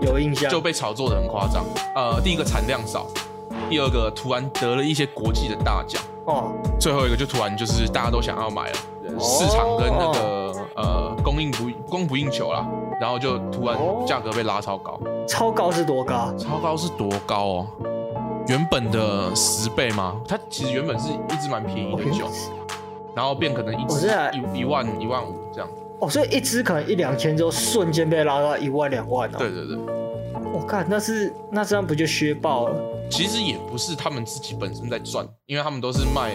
[SPEAKER 1] 有
[SPEAKER 2] 有印象，就被炒作得很誇張。呃，第一個產量少，第二個突然得了一些國際的大獎，哦，最後一個就突然就是大家都想要買了，哦、市場跟那個、哦、呃供應不供不應求了。然後就突然價格被拉超高，哦、超高是多高？超高是多高哦？原本的十倍嗎？它其實原本是一支蠻便宜的酒，Okay. 然後變可能一支、哦、一一萬一萬五這樣。
[SPEAKER 1] 哦，所以一支可能一兩千之後瞬間被拉到一萬兩萬啊、哦！對對對，我看、哦、那是那這樣不就削爆了、嗯？
[SPEAKER 2] 其實也不是他們自己本身在賺，因為他們都是賣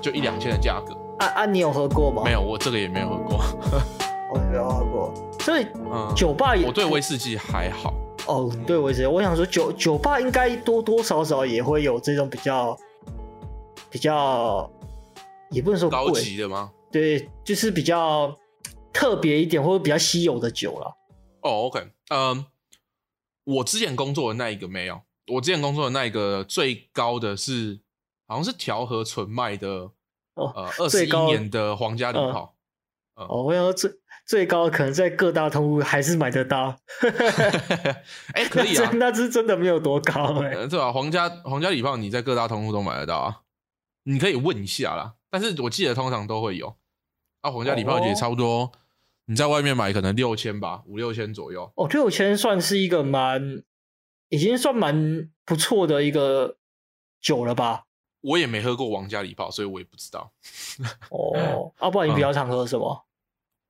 [SPEAKER 2] 就一兩千的價格。
[SPEAKER 1] 啊啊，你有喝過嗎？沒
[SPEAKER 2] 有，我這個也沒有喝過，
[SPEAKER 1] 我、 哦、也
[SPEAKER 2] 沒有喝過。
[SPEAKER 1] 所以、嗯、酒吧，也我對威
[SPEAKER 2] 士忌還好、
[SPEAKER 1] 嗯、哦，對威士忌，我想說酒酒吧應該多多少少也會有這種比較比較，也不能說高級的嗎？對，就是比較特別一點或者比較稀有的酒了。
[SPEAKER 2] 哦、oh,，OK，嗯、um,，我之前工作的那一個沒有，我之前工作的那一個最高的是好像是調和純麥的哦，oh, 呃，21年的皇家禮炮，
[SPEAKER 1] 哦、嗯，嗯 oh, 我想說這。最高的可能在各大通路還是買得到，
[SPEAKER 2] 哎、 欸，可以啊，那只是，是真
[SPEAKER 1] 的沒有多高，欸，哎、哦，
[SPEAKER 2] 對吧、啊？皇家皇家禮炮你在各大通路都買得到啊，你可以問一下啦。但是我記得通常都會有啊。皇家禮炮也差不多，哦哦，你在外面買可能六千吧，五六千左右。
[SPEAKER 1] 哦，六千算是一個蠻，已經算蠻不錯的一個酒了吧？
[SPEAKER 2] 我也沒喝過皇家禮炮，所以我也不知道。 哦，啊，不然你比較常喝什麼？嗯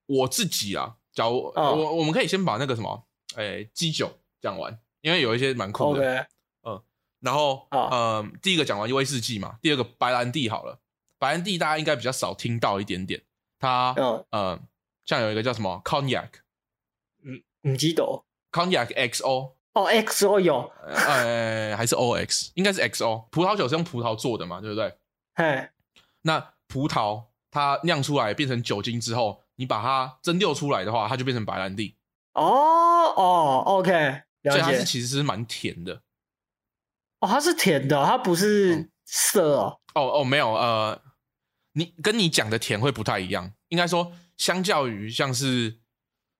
[SPEAKER 2] 我自己啊，假如，oh. 我我們可以先把那個什麼，誒，基酒講完，因為有一些蠻酷的，Okay. 嗯，然後，oh. 嗯，第一個講完威士忌嘛，第二個白蘭地好了，白蘭地大家應該比較少聽到一點點，它，oh. 嗯，像有一個叫什麼，Cognac、嗯、Cognac 嗯，唔記得，Cognac、oh, XO，哦，XO 有， 哎，還是 OX，應該是 XO，葡萄酒是用葡萄做的嘛，對不對？嘿，Hey. 那葡萄它釀出來變成酒精之後。你把它蒸餾出來的話，它就變成白蘭地哦哦，OK，了解。它其實是蠻甜的哦，oh, 它是
[SPEAKER 1] 甜的，它不是澀
[SPEAKER 2] 哦哦哦，嗯、oh, oh, 沒有呃，你跟你講的甜會不太一樣，應該說相較於像是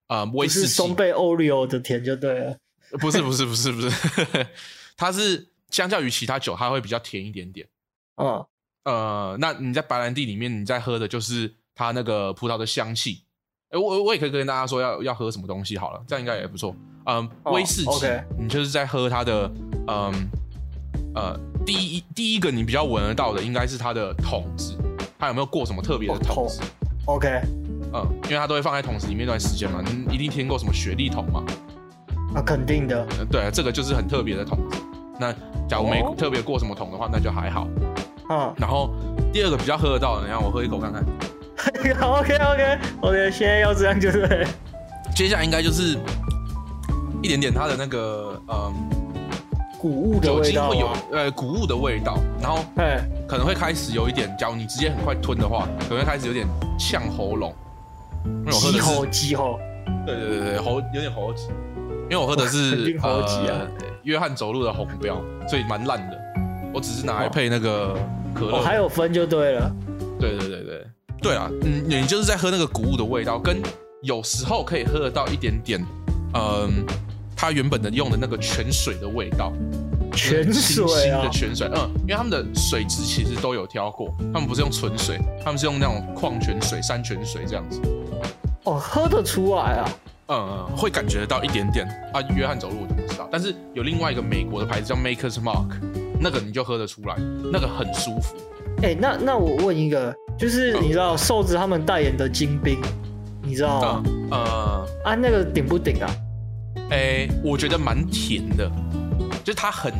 [SPEAKER 2] 呃威士忌松
[SPEAKER 1] 貝歐利奧的甜就對了，
[SPEAKER 2] 不 是不是不是不是， 它是相較於其他酒，它會比較甜一點點。嗯、oh. 呃，那你在白蘭地裡面你在喝的就是。它那個葡萄的香氣，哎，我我也可以跟大家說要要喝什麼東西好了，這樣應該也不錯。嗯，oh, 威士忌，okay. 你就是在喝它的，嗯呃，第一第一個你比較聞得到的應該是它的桶子，它有沒有過什麼特別的桶子 oh, oh.？OK，嗯，因為它都會放在桶子裡面一段時間嘛，你一定聽過什麼雪莉桶嘛？那、
[SPEAKER 1] oh, 肯定的，
[SPEAKER 2] 對，這個就是很特別的桶子。那假如沒特別過什麼桶的話，那就還好。嗯，oh. 然後第二個比較喝得到的，你讓我喝一口看看。Oh.
[SPEAKER 1] OK OK OK，現在要這樣就是。
[SPEAKER 2] 接下來應該就是一點點它的那個呃穀物的味道，酒精會有呃穀、欸、物的味道，然後哎可能會開始有一點焦，你直接很快吞的話，可能會開始有點嗆喉嚨。喉雞喉，對對對對猴，有點猴急，因為我喝的是啊、呃，約翰走路的紅標，所以蠻爛的。我只是拿來配那個可樂。我、哦哦、還
[SPEAKER 1] 有分就對
[SPEAKER 2] 了。對對對對。對啊，嗯，你就是在喝那個穀物的味道，跟有時候可以喝得到一點點，嗯，它原本的用的那個泉水的味道，泉水、啊、新、新的泉水，嗯，因為他們的水質其實都有挑過，他們不是用純水，他們是用那種礦泉水、山泉水這樣子。
[SPEAKER 1] 哦，喝得出
[SPEAKER 2] 來啊？嗯嗯，會感覺得到一點點。啊，約翰走路我就不知道，但是有另外一個美國的牌子叫 Maker's Mark，那個你就喝得出來，那個很舒服。
[SPEAKER 1] 哎、欸，那那我問一個。就是你知道瘦子他們代言的金賓，你
[SPEAKER 2] 知道嗎？呃，呃啊那個頂不頂啊？哎、欸，我覺得蠻甜的，就是它很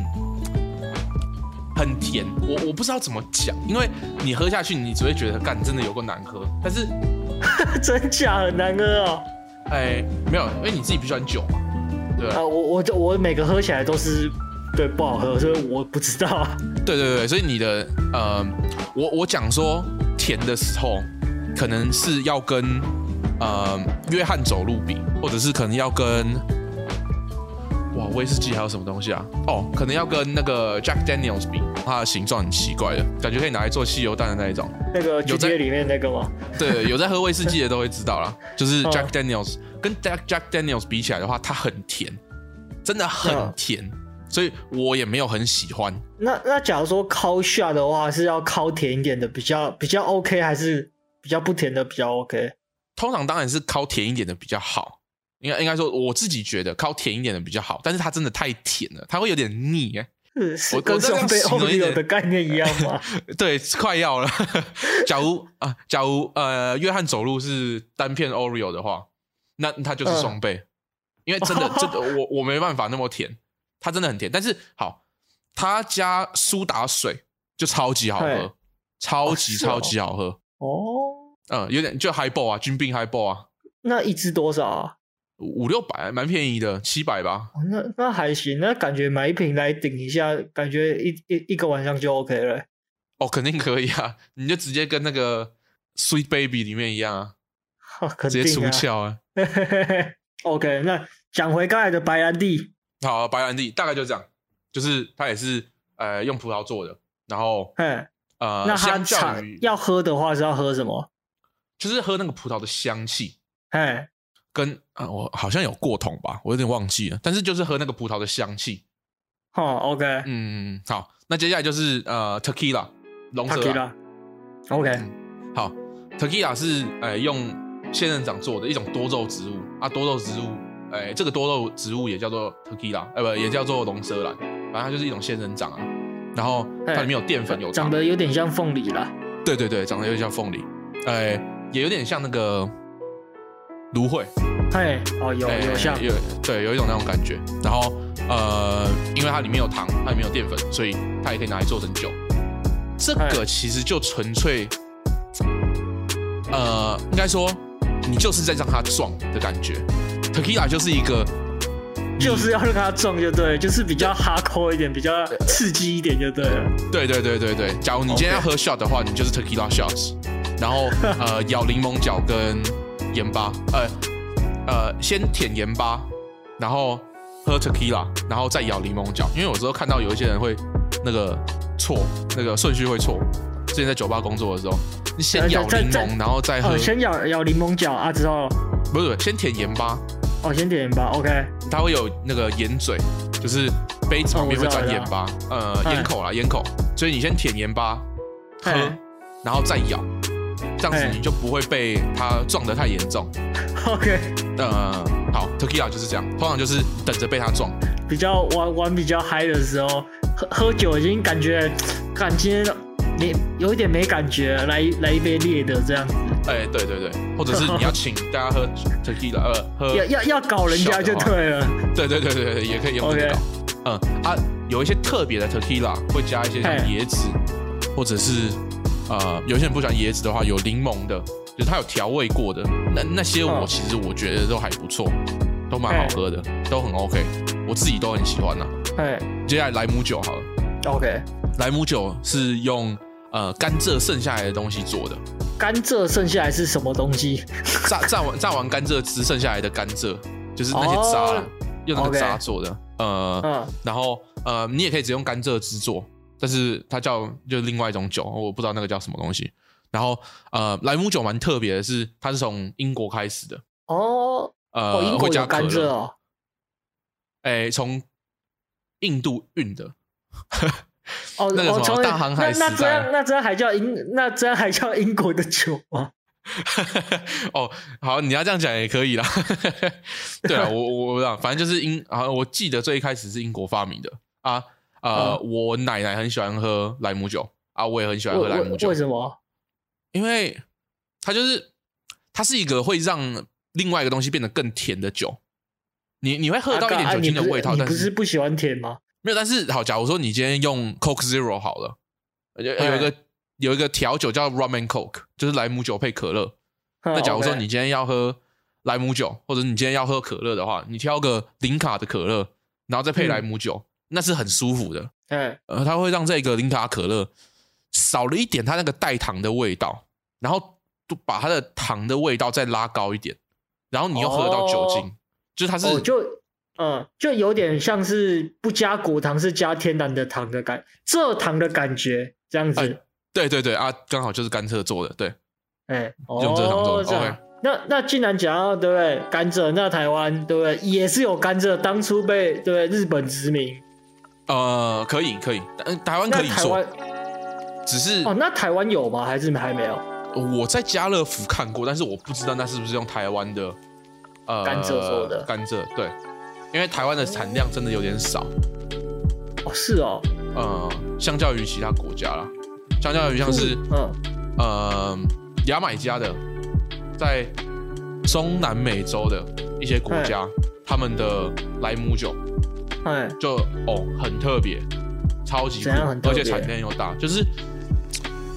[SPEAKER 2] 很甜。我我不知道怎麼講，因為你喝下去，你只會覺得幹真的有夠難喝。但是
[SPEAKER 1] 真假很難喝哦、喔。
[SPEAKER 2] 哎、欸，沒有，因為你自己不喜歡酒嘛，對啊，
[SPEAKER 1] 我我就我每個喝起來都是對不好喝，所以我不知道啊。
[SPEAKER 2] 對對對，所以你的呃，我我講說。甜的時候，可能是要跟呃約翰走路比，或者是可能要跟哇威士忌還有什麼東西啊？哦，可能要跟那個 Jack Daniels 比，它的形狀很奇怪的，感覺可以拿來做汽油彈的那一種。那
[SPEAKER 1] 個有在裡面那個嗎？
[SPEAKER 2] 對，對，對，有在喝威士忌的都會知道啦， 就是 Jack Daniels 跟，D，Jack Jack Daniels 比起來的話，它很甜，真的很甜。所以我也沒有很喜歡。
[SPEAKER 1] 那那假如說靠下的話，是要靠甜一點的比較比較 OK，還是比較不甜的比較 OK？
[SPEAKER 2] 通常當然是靠甜一點的比較好。應該應該說，我自己覺得靠甜一點的比較好，但是它真的太甜了，它會有點膩、欸。嗯是，我跟雙我這樣對 Oreo 的概念一樣嗎？ 對，快要了。 假如啊、呃，假如呃，約翰走路是單片 Oreo 的話，那他就是雙倍，呃、因為真的，真的， 真的我我沒辦法那麼甜。它真的很甜，但是好，他加蘇打水就超級好喝，嘿超級、喔、超級好喝哦。嗯，有點就 highball 啊，軍兵 highball 啊。那一支多少啊？五六百，蠻便宜的，七百吧。
[SPEAKER 1] 哦、那那還行，那感覺買一瓶來頂一下，感覺一一一,一個晚上就 OK 了、欸。
[SPEAKER 2] 哦，肯定可以啊，你就直接跟那個 Sweet Baby 裡面一樣啊，
[SPEAKER 1] 肯定啊直接出竅啊。 OK，那講回剛才的白蘭地。
[SPEAKER 2] 好，白蘭地大概就這樣，就是它也是呃用葡萄做的，然後，嘿，Hey, 呃，那他 相較於要喝的話是要喝什麼？就是喝那個葡萄的香氣，嘿 Hey.，跟、呃、我好像有過桶吧，我有點忘記了，但是就是喝那個葡萄的香氣。哦 OK 嗯，好，那接下來就是呃，Tequila 龍舌蘭 Tequila OK 好，Tequila 是呃用仙人掌做的一種多肉植物啊，多肉植物。Yeah. 哎、欸，這個多肉植物也叫做特基拉，呃，不，也叫做龍舌蘭，反正它就是一種仙人掌啊。然後它裡面有澱粉，嘿有糖長得有點像鳳梨了。對對對，長得有點像鳳梨，哎、欸，也有點像那個蘆薈。嘿，哦，有、欸、有像、欸、有，對，有一種那種感覺。然後呃，因為它裡面有糖，它裡面有澱粉，所以它也可以拿來做成酒。這個其實就純粹，嘿呃，應該說你就是在讓它撞的感覺。Tequila 就是一個，就是要讓它重就對，就是比較哈
[SPEAKER 1] 酷一點，比較刺激一點就對了。
[SPEAKER 2] 對對對對對，假如你今天要喝 shot 的話，Okay. 你就是 Tequila shots，然後呃 咬檸檬角跟鹽巴，呃呃先舔鹽巴，然後喝 Tequila，然後再咬檸檬角。因為有時候看到有一些人會那個錯，那個順序會錯。之前在酒吧工作的時候，你先咬檸檬，然後、呃、再喝、呃。先
[SPEAKER 1] 咬咬檸檬角啊，之後，
[SPEAKER 2] 不是，先舔鹽巴。
[SPEAKER 1] 哦，先舔鹽巴，OK。
[SPEAKER 2] 它會有那個鹽嘴，就是杯子旁邊會沾鹽巴，哦哦、呃，鹽、嗯、口啦，鹽口。所以你先舔鹽巴，嗯、然後再咬，這樣子你就不會被它撞得太嚴重。嗯嗯、OK。呃，好 Tequila 就是這樣，通常就是等着被它撞。
[SPEAKER 1] 比較玩玩比較嗨的時候，喝喝酒已經感覺，感覺。有一點沒感覺，
[SPEAKER 2] 來來一杯烈的，這樣子。哎、欸，對對對，或者是你要請大家喝 tequila， 呃，喝要要要搞人家就對了。對，對對對對，也可以用這個搞。Okay. 嗯，啊，有一些特別的 tequila 會加一些像椰子，嘿或者是呃，有些人不喜歡椰子的話，有檸檬的，就是它有調味過的。那那些我其實我覺得都還不錯，嗯、都蠻好喝的，嘿都很 OK，我自己都很喜歡吶、啊。哎嘿，接下來萊姆酒好了。OK，萊姆酒是用。呃，甘蔗剩下來的東西做的。
[SPEAKER 1] 甘蔗剩下來是什麼東西？
[SPEAKER 2] 榨 榨完榨完甘蔗汁剩下來的甘蔗，就是那些渣，oh, 用那個渣做的。okay. 呃，嗯、然後呃，你也可以只用甘蔗汁做，但是它叫就是、另外一種酒，我不知道那個叫什麼東西。然後呃，萊姆酒蠻特別的是，它是從英國開始的。哦。呃，英國加甘蔗哦。哎，從印度運的。
[SPEAKER 1] 哦，那個什麼大航海，那這樣那這樣還叫英，那這樣還叫英國的酒嗎？
[SPEAKER 2] 哦，好，你要這樣講也可以啦。 對啊，我我不知道，反正就是英啊，我記得最一開始是英國發明的啊啊，呃嗯、我奶奶很喜歡喝萊姆酒啊，我也很喜歡喝萊姆酒。
[SPEAKER 1] 為為，為什麼？
[SPEAKER 2] 因為它就是它是一個會讓另外一個東西變得更甜的酒，你你會喝到一點酒精的味道，啊啊、是但是不是
[SPEAKER 1] 不喜歡甜嗎？
[SPEAKER 2] 沒有，但是好，假如說你今天用 Coke Zero 好了，嗯、有一個有一個調酒叫 Rum and Coke，就是萊姆酒配可樂。
[SPEAKER 1] 呵那假如說你
[SPEAKER 2] 今天要喝萊姆酒，okay、或者你今天要喝可樂的話，你挑個零卡的可樂，然後再配萊姆酒，嗯、那是很舒服的。嗯、呃，它會讓這個零卡可樂少了一點它那個帶糖的味道，然後都把它的糖的味道再拉高一點，然後你又喝得到酒精，哦、就是它是，哦、就。
[SPEAKER 1] 嗯，就有點像是不加果糖，是加天然的糖的感蔗糖的感覺這樣子。欸、
[SPEAKER 2] 對對對啊，剛好就是甘蔗做的。對，哎、欸，用蔗糖做的、哦。
[SPEAKER 1] OK。那那既然講到對不對甘蔗，那台灣對不對也是有甘蔗？當初被對不對日本殖民。
[SPEAKER 2] 呃，可以可以，嗯、呃，台灣可以做。台只是哦，那台灣有嗎？還是還沒有？我在家樂福看過，但是我不知道那是不是用台灣的、嗯呃、甘蔗做的甘蔗對。因為台灣的產量真的有點少，哦，是哦，嗯、呃，相較於其他國家啦，相較於像是，是嗯嗯牙、呃、買加的，在中南美洲的一些國家，嘿他們的萊姆酒，嘿就哦很特別，超級貴，而且產量又大，就是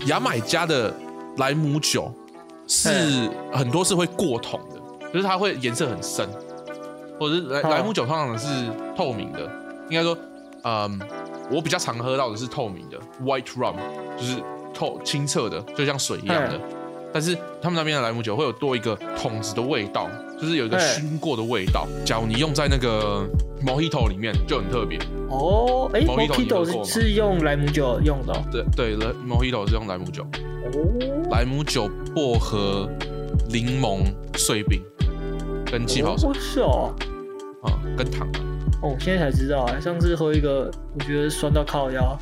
[SPEAKER 2] 牙、嗯、買加的萊姆酒是嘿很多是會過桶的，就是它會顏色很深。或者是萊萊姆酒通常是透明的，應該說，嗯，我比較常喝到的是透明的 white rum，就是透清澈的，就像水一樣的。嘿 但是他們那邊的萊姆酒會有多一個桶子的味道，就是有一個燻過的味道。嘿 假如你用在那個 Mojito 裡面就很特別。哦，哎、
[SPEAKER 1] 欸、，Mojito 是用
[SPEAKER 2] 萊姆酒用的、哦對。對對，Mojito 是用萊姆酒。哦，萊姆酒、薄荷、檸檬碎冰。跟氣泡、哦、是、哦、啊、嗯，跟糖
[SPEAKER 1] 哦，現在才知道哎，上次喝一個，我覺得酸到靠腰，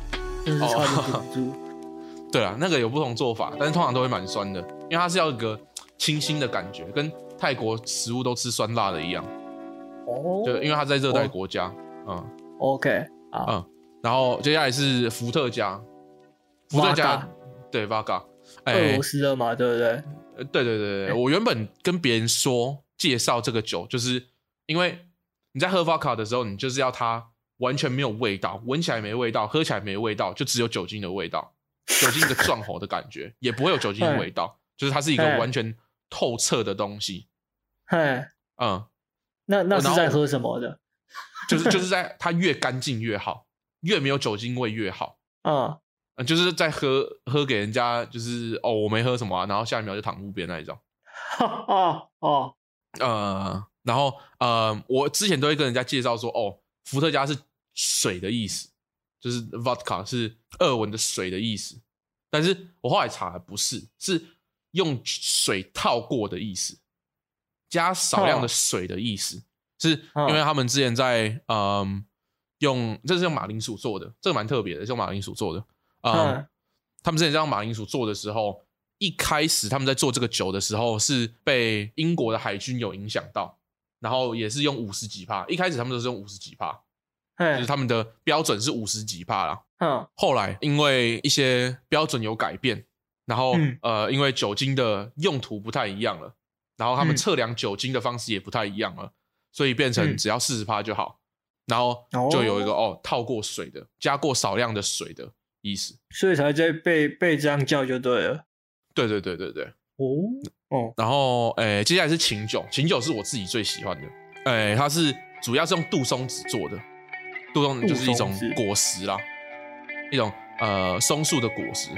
[SPEAKER 1] 真是差點頂不
[SPEAKER 2] 住。哦、呵呵對啊，那個有不同做法，但是通常都會蠻酸的，因為它是要一個清新的感覺，跟泰國食物都吃酸辣的一樣。
[SPEAKER 1] 哦，對，因為它在熱帶國家，哦、嗯，OK，啊好，嗯，
[SPEAKER 2] 然後接下來是伏特加，伏特加，嘎對，八嘎，哎，俄羅斯的嘛，對不對？呃、欸，對對對對對，欸、我原本跟別人說。介紹這個酒，就是因為你在喝 vodka 的時候，你就是要它完全沒有味道，聞起來沒味道，喝起來沒味道，就只有酒精的味道，酒精是個壯喉的感覺， 也不會有酒精的味道，嘿就是它是一個完全透徹的東西。嘿，嗯，
[SPEAKER 1] 那那是在喝什麼的？
[SPEAKER 2] 就是就是在它越乾淨越好，越沒有酒精味越好嗯，嗯，就是在喝喝給人家，就是哦我沒喝什麼啊，然後下一秒就躺路邊那一種。哦哦。哦呃，然後呃，我之前都會跟人家介紹說，哦，伏特加是水的意思，就是 vodka 是俄文的水的意思。但是，我後來查不是，是用水泡過的意思，加少量的水的意思，哦、是因為他們之前在嗯，用這是用馬鈴薯做的，這個蠻特別的，用馬鈴薯做的。嗯，嗯他們之前在用馬鈴薯做的時候。一開始他們在做這個酒的時候是被英國的海軍有影響到，然後也是用五十幾帕，一開始他們都是用五十幾帕，Hey, 就是他們的標準是五十幾帕啦。嗯，Oh. 後來因為一些標準有改變，然後、嗯、呃，因為酒精的用途不太一樣了，然後他們測量酒精的方式也不太一樣了，嗯、所以變成只要四十帕就好。然後就有一個、Oh. 哦，套過水的，加過少量的水的意思，所以才在被被這樣叫就對了。對對對對對哦哦，oh, oh. 然後誒、欸，接下來是琴酒，琴酒是我自己最喜歡的。誒、欸，它是主要是用杜松子做的，杜松子就是一種果實啦，一種呃松樹的果實。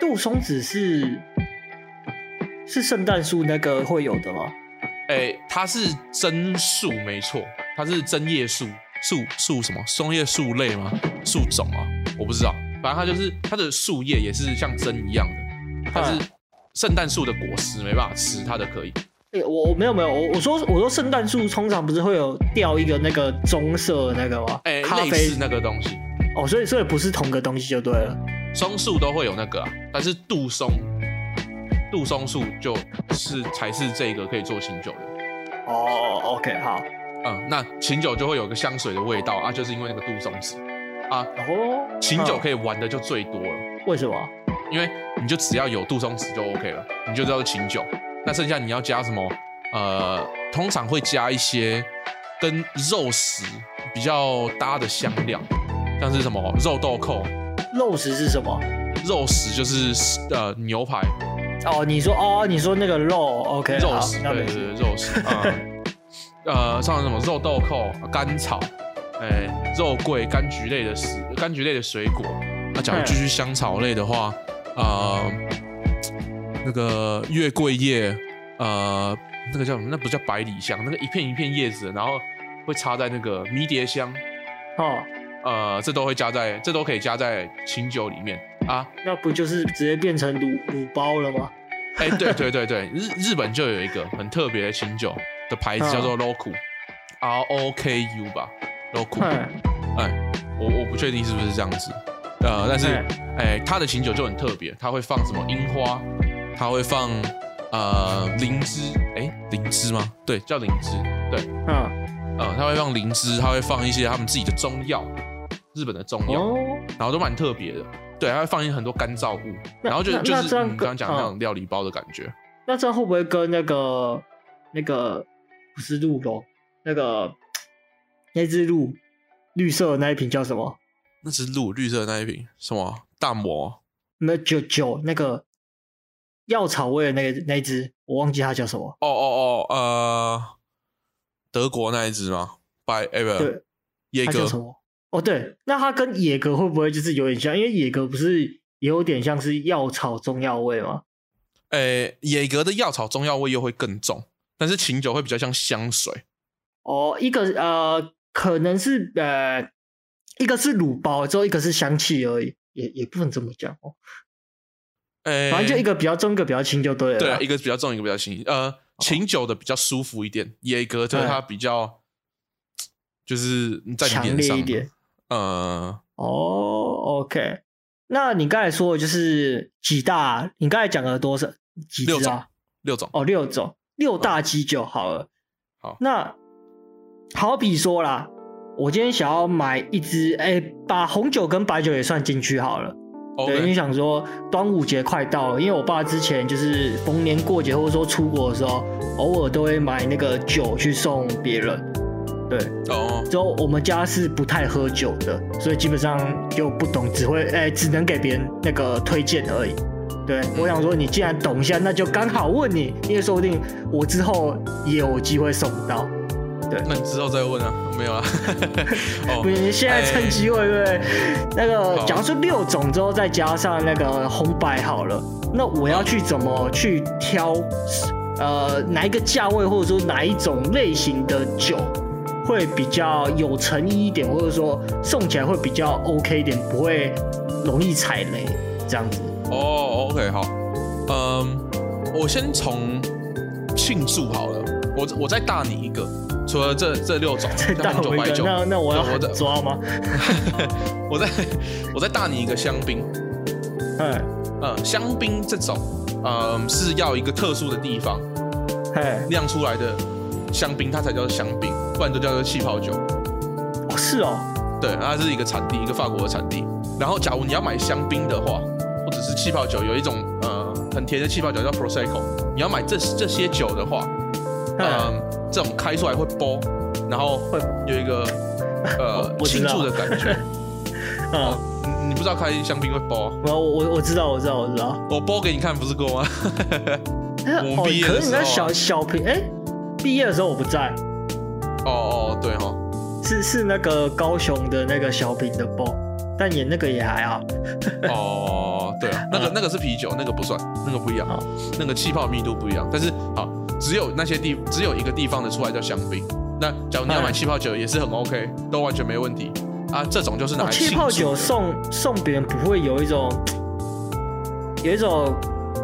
[SPEAKER 1] 杜松子是是聖誕樹那個會有的嗎？
[SPEAKER 2] 誒、欸，它是針樹沒錯，它是針葉樹，樹樹什麼松葉樹類嗎？樹種啊，我不知道，反正它就是它的樹葉也是像針一樣的。但是聖誕樹的果實，沒辦法吃，它的。可以。
[SPEAKER 1] 哎、欸，我我沒有沒有，我說我說我說，聖誕樹通常不是會有掉一個那個棕色的那個嗎？哎、欸，啡類似那
[SPEAKER 2] 個東西。
[SPEAKER 1] 哦，所以所以不是同個東西就對了。
[SPEAKER 2] 松樹都會有那個、啊，但是杜松，杜松樹就是才是這個可以做琴酒的。哦、oh,，OK，好、huh.，嗯，那琴酒就會有一個香水的味道啊，就是因為那個杜松子啊。哦，oh, huh. 琴酒可以玩的就最多了。為什麼？因為你就只要有杜松子就 OK 了，你就知道是琴酒。那剩下你要加什麼？呃，通常會加一些跟肉食比較搭的香料，像是什麼、哦、肉豆蔻。肉食是什麼？肉食就是呃牛排。
[SPEAKER 1] 哦，你說哦，就是、你說那個肉 OK。肉食對對對，肉食。
[SPEAKER 2] 嗯、 呃，像什麼肉豆蔻、甘草，哎、肉桂、柑橘類的食柑橘類的水果。那假如繼續香草類的話。啊、呃，那個月桂葉，呃，那個叫什麼？那不叫百里香，那個一片一片葉子，然後會插在那個迷迭香，哦，呃，這都會加在，這都可以加在琴酒裡面啊。
[SPEAKER 1] 那不就是直接變成滷滷包了嗎？
[SPEAKER 2] 哎、欸，對對對對， 日日本就有一個很特別的琴酒的牌子，哦、叫做 Roku，R O K U 吧，Roku。哎嘿、欸，我我不確定是不是這樣子。呃，但是，哎、欸，他、欸、的琴酒就很特別，他會放什麼櫻花，他會放呃靈芝，哎、欸，靈芝嗎？對，叫靈芝，對，嗯嗯，他、呃、會放靈芝，他會放一些他們自己的中藥，日本的中藥，哦、然後都蠻特別的，對，他會放一些很多乾燥物，那然後就就是你剛剛講那種料理包的感覺。
[SPEAKER 1] 那這會不會跟那個那個不是鹿狗、喔，那個那只鹿綠色的那一瓶叫什麼？
[SPEAKER 2] 那隻綠綠色的那一瓶什麼大魔？
[SPEAKER 1] 那就就那個藥草味的那個那隻，我忘記它叫什麼。
[SPEAKER 2] 哦哦哦，呃，德國那一隻嗎？By Ever 野格？
[SPEAKER 1] 哦，對，那它跟野格會不會就是有點像？因為野格不是有點像是藥草中藥味嗎？
[SPEAKER 2] 誒、欸，野格的藥草中藥味又會更重，但是琴酒會比較像香水。
[SPEAKER 1] 哦，一個呃，可能是呃。一個是滷包，之後一個是香氣而已，也也不能這麼講哦、喔。哎、欸，
[SPEAKER 2] 反正就一個
[SPEAKER 1] 比較重，一個比較輕就對了。對啊，
[SPEAKER 2] 一個比較重，一個比較輕。呃，琴 Okay. 酒的比較舒服一點，野 Okay. 格就是它比較就是在強烈一點。呃，哦、oh,，OK。
[SPEAKER 1] 那你剛才說的就是幾大？你剛才講了多少？幾大、啊？六種哦、oh,，六種六大基酒好了。嗯、好，那好比說啦。我今天想要買一支，哎、欸，把紅酒跟白酒也算進去好了。Oh, 對，因為想說端午節快到了，因為我爸之前就是逢年過節或者說出國的時候，偶爾都會買那個酒去送別人。對，哦。Oh. 之後我們家是不太喝酒的，所以基本上就不懂，只會哎、欸，只能給別人那個推薦而已。對，嗯。我想說你既然懂一下，那就剛好問你，因為說不定我之後也有機會送不到。
[SPEAKER 2] 對，那你之後再問啊，沒有啊。哦，不行，你現在趁機會對不、欸、
[SPEAKER 1] 對？那個，好假如說六種之後再加上那個紅白好了，那我要去怎麼去挑？啊、呃，哪一個價位或者說哪一種類型的酒會比較有誠意一點，或者說送起來會比較 OK 一點，不會容易踩雷
[SPEAKER 2] 這樣子？哦、oh,，OK，好，嗯、呃，我先從慶祝好了，我我再大你一個。除了這這六種，再大我一個那,那我要我抓嗎？ 我再我再大你一個香檳。哎嘿，呃、嗯，香檳這種，嗯，是要一個特殊的地方釀嘿出來的香檳，它才叫做香檳，不然都叫做氣泡酒。哦，是哦。對，它是一個產地，一個法國的產地。然後，假如你要買香檳的話，或者是氣泡酒，有一種呃、嗯、很甜的氣泡酒叫 Prosecco。你要買這這些酒的話，嘿嗯。這種開出來會包，然後會有一個呃不清脆的感覺。嗯、 啊，哦，你不知道開香檳會包、啊？我我我知道，我知道，我知道。我包給你看不是過嗎？ 我
[SPEAKER 1] 畢業的時候，哦、那小小品哎，畢、欸、業的時候我不在。
[SPEAKER 2] 哦對哦對，
[SPEAKER 1] 是是那個高雄的那個小品的包，但演那個也還好。
[SPEAKER 2] 哦哦對、啊，那個、嗯、那個是啤酒，那個不算，那個不一樣，好那個氣泡密度不一樣，但是好。哦只有那些地只有一個地方的出來叫香檳，那假如你要買氣泡酒也是很 OK，哎、都完全沒問題啊。這種就是拿來、哦、氣泡酒
[SPEAKER 1] 送送別人不會有一種有一種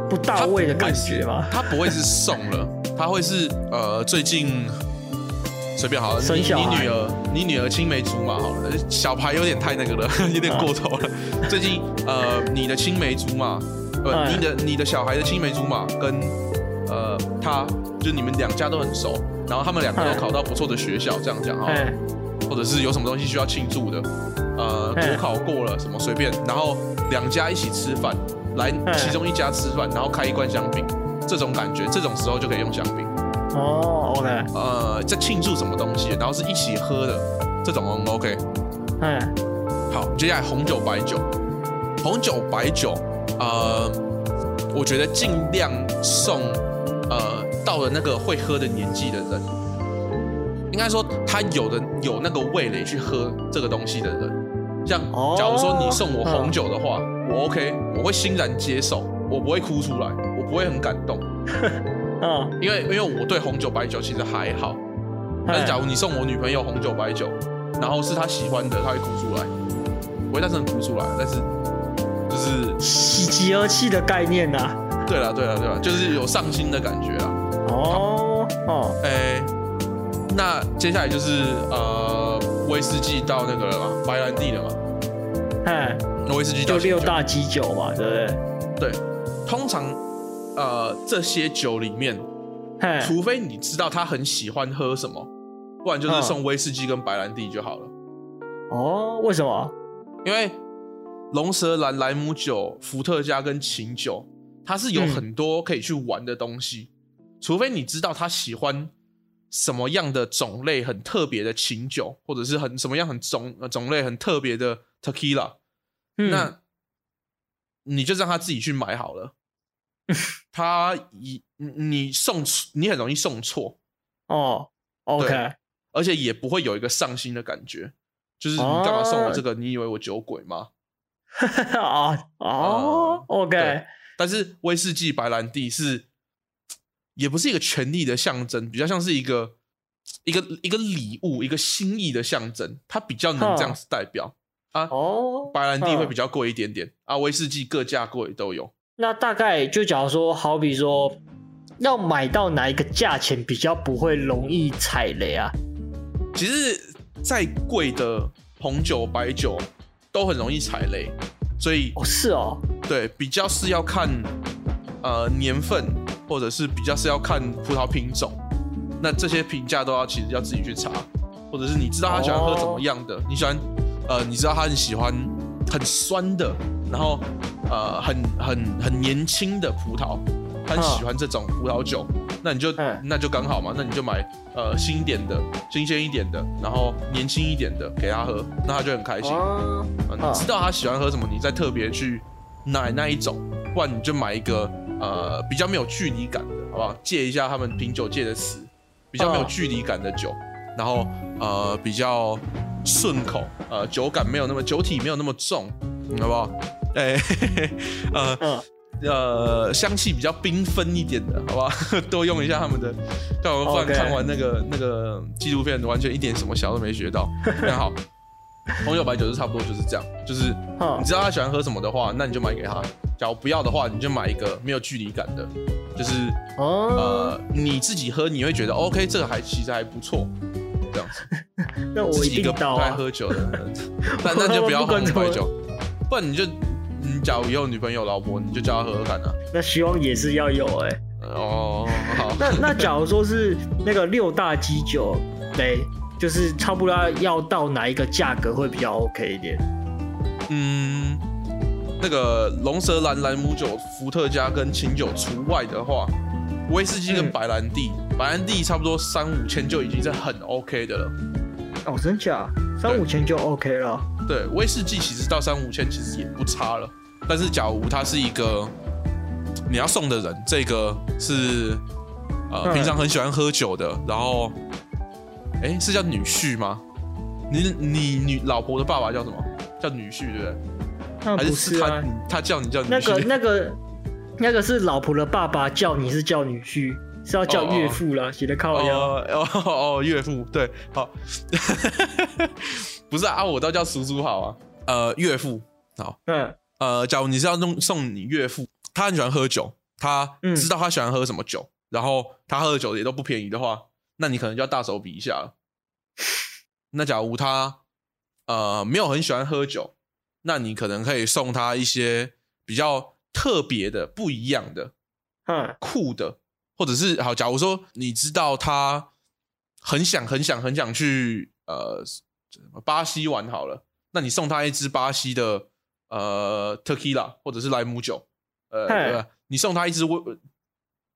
[SPEAKER 1] 不
[SPEAKER 2] 到位的感覺嗎？他不會是送了， 他會是呃最近隨便好了。你，你女兒，你女兒青梅竹馬好了，小孩有點太那個了， 有點過頭了。啊、最近呃你的青梅竹馬，哎、呃，你的你的小孩的青梅竹馬跟呃他。就你們兩家都很熟，然後他們兩個都考到不錯的學校，嘿這樣講哈，哦，嘿或者是有什麼東西需要慶祝的，呃，國嘿考過了什麼隨便，然後兩家一起吃飯，來嘿其中一家吃飯，然後開一罐香檳，這種感覺，這種時候就可以用香檳。
[SPEAKER 1] 哦，OK。呃，
[SPEAKER 2] 在慶祝什麼東西，然後是一起喝的這種 OK 嗯，okay。嘿好，接下來紅酒白酒，紅酒白酒，呃，我覺得盡量送，呃。到了那個會喝的年紀的人，應該說他有的有那個味蕾去喝這個東西的人，像假如說你送我紅酒的話，我 OK，我會欣然接受，我不會哭出來，我不會很感動，嗯，因為因為我對紅酒白酒其實還好，但是假如你送我女朋友紅酒白酒，然後是她喜歡的，她會哭出來，我會大聲哭出來，但是就是喜極而泣的概念吶，對啦對啦對啦，就是有上心的感覺啊。哦好哦，哎、哦欸，那接下來就是呃威士忌到那個了嘛，白蘭地了嘛，嗯嘿，威士忌到酒就六大基酒嘛，對不對？對，通常呃這些酒裡面，
[SPEAKER 1] 嘿除
[SPEAKER 2] 非你知道他很喜歡喝什麼，不然就是送威士忌跟白蘭地就好了。哦，為什麼？因為龍舌蘭、萊姆酒、伏特加跟琴酒，它是有很多可以去玩的東西。嗯除非你知道他喜歡什麼樣的種類很特別的琴酒，或者是很什麼樣很種種類很特別的 Tequila，嗯、那你就讓他自己去買好了。 他一你送錯，你很容易送錯哦。Oh, OK，而且也不會有一個上心的感覺，就是你幹嘛送我這個？Oh. 你以為我酒鬼嗎？啊哦、 oh, OK，、uh, 但是威士忌、白蘭地是。也不是一個權力的象徵，比較像是一個一個一個禮物、一個心意的象徵，它比較能這樣子代表哈啊。哦，白蘭地會比較貴一點點哈啊，威士忌各價貴都有。
[SPEAKER 1] 那大概就假如說，好比說要買到哪一個價錢比較不會容易踩
[SPEAKER 2] 雷啊？其實再貴的紅酒、白酒都很容易踩雷，所以哦是哦，對，比較是要看呃年份。或者是比較是要看葡萄品種，那這些評價都要其實要自己去查，或者是你知道他喜歡喝怎麼樣的？Oh. 你喜歡，呃，你知道他很喜歡很酸的，然後呃很很很年輕的葡萄，他很喜歡這種葡萄酒，Huh. 那你就那就剛好嘛，那你就買 Hey. 呃新一點的新鮮一點的，然後年輕一點的給他喝，那他就很開心。Oh. Huh. 呃，知道他喜歡喝什麼，你再特別去買那一種，不然你就買一個。呃，比較沒有距離感的，好不好？借一下他們品酒界的詞，
[SPEAKER 1] 比較沒有距
[SPEAKER 2] 離感的酒，啊、然後呃比較順口，呃酒感沒有那麼，酒體沒有那麼重，好不好？哎、欸，呃、嗯、呃香氣比較繽紛一點的，好不好？多用一下他們的。但我、嗯、看完那個 Okay 那個紀錄片，完全一點什麼想都沒學到。那 好，紅酒白酒就差不多就是這樣，就是、嗯、你知道他喜歡喝什麼的話，那你就買給他。假不要的話，你就買一個沒有距離感的，就是、哦、呃你自己喝，你會覺得、嗯、OK 這個還其實還不錯，這樣子。呵呵那我一定、啊、一不愛喝酒的人、啊啊， 那那就不要喝那酒，不,不然你就你假如有女朋友、老婆，你就叫她喝喝看的、
[SPEAKER 1] 啊。那希望也是要有哎、欸。哦， 好。那那假如說是那個六大基酒對就是差不多要到哪一個價格會比較 OK 一點？嗯。
[SPEAKER 2] 那個龍舌蘭、蘭姆酒、伏特加、跟琴酒除外的話，威士忌、跟白蘭地，嗯、白蘭地差不多三五千，就已經是很 OK 的了。
[SPEAKER 1] 哦，真假？三五千就 OK 了。
[SPEAKER 2] 對。對，威士忌其實到三五千其實也不差了。但是假如他是一個你要送的人，這個是呃、嗯、平常很喜歡喝酒的，然後哎、欸、是叫女婿嗎？你你你老婆的爸爸叫什麼？叫女婿，對不對？還是，是他是、啊、他叫你叫女婿，那個那
[SPEAKER 1] 個那個是老婆的爸爸叫你是叫女婿，是要叫岳父啦，寫、哦、的
[SPEAKER 2] 靠哦哦，哦岳父對好， 不是啊，我倒叫叔叔好啊，呃岳父好，嗯呃假如你是要弄送你岳父，他很喜歡喝酒，他知道他喜歡喝什麼酒，嗯、然後他喝的酒也都不便宜的話，那你可能就要大手筆一下了。那假如他呃沒有很喜歡喝酒。那你可能可以送他一些比較特別的、不一樣的、嗯 Huh. 酷的，或者是好。假如說你知道他很想、很想、很想去呃巴西玩好了，那你送他一支巴西的呃 tequila 或者是萊姆酒，呃 Hey. 對吧，你送他一支我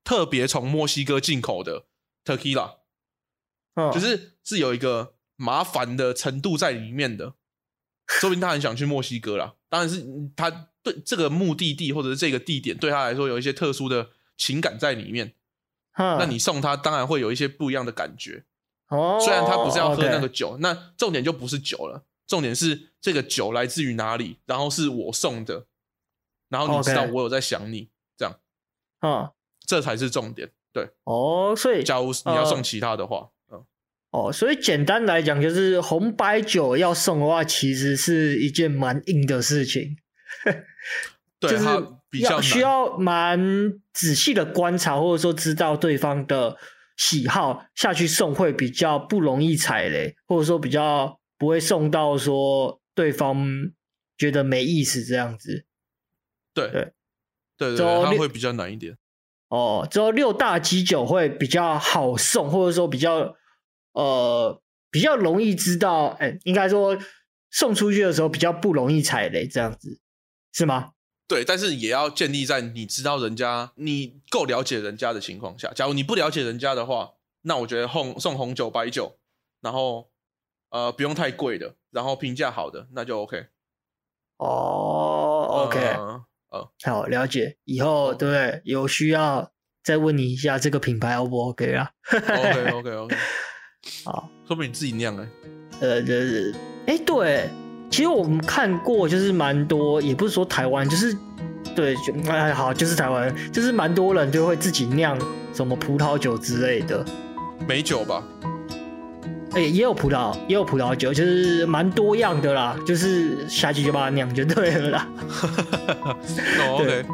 [SPEAKER 2] 特別從墨西哥進口的 tequila，Huh. 就是是有一個麻煩的程度在裡面的。說明他很想去墨西哥啦，當然是他對這個目的地或者是這個地點對他來說有一些特殊的情感在裡面。哼那你送他，當然會有一些不一樣的感覺。
[SPEAKER 1] 哦，雖然他不是要喝那個
[SPEAKER 2] 酒，okay. 那重點就不是酒了，重點是這個酒來自於哪裡，然後是我送的，然後你知道我有在想你，Okay. 這樣，啊、哦，這才是重點。對，哦，所以假如你要送其他的話。呃
[SPEAKER 1] 哦，所以簡單來講，就是紅白酒要送的話，其實是一件蠻硬的事情，
[SPEAKER 2] 就是比較需要
[SPEAKER 1] 蠻仔細的觀察，或者說知道對方的喜好，下去送會比較不容易踩雷，或者說比較不會送到說對方
[SPEAKER 2] 覺得沒意思這樣
[SPEAKER 1] 子。對對，對
[SPEAKER 2] 對對，之後他會比較難一點。
[SPEAKER 1] 哦，之後六大基酒會比較好送，或者說比較。呃，比較容易知道，哎、欸，應該說送出去的時候比較不容易踩雷，這樣子是嗎？
[SPEAKER 2] 對，但是也要建立在你知道人家，你夠了解人家的情況下。假如你不了解人家的話，那我覺得送送紅酒、白酒，然後呃，不用太貴的，然後評價好的，那就 OK。哦、
[SPEAKER 1] oh,，OK，嗯，uh, uh, 好，了解。以後對，有需要再問你一下這個品牌 O 不 OK 啊？OK，OK，OK。 okay, okay,
[SPEAKER 2] okay. 啊，好說不定你自己釀。哎、欸，呃，哎對，
[SPEAKER 1] 對，對，其實我們看過就是蠻多，也不是說台灣，就是對，就哎好，就是台灣，就是蠻多人就會自己釀什麼葡萄酒之類的美酒吧，哎、欸、也有葡萄也有葡萄酒，就是蠻多樣的啦，就是下去就把它釀就對了啦。
[SPEAKER 2] 對，no, okay.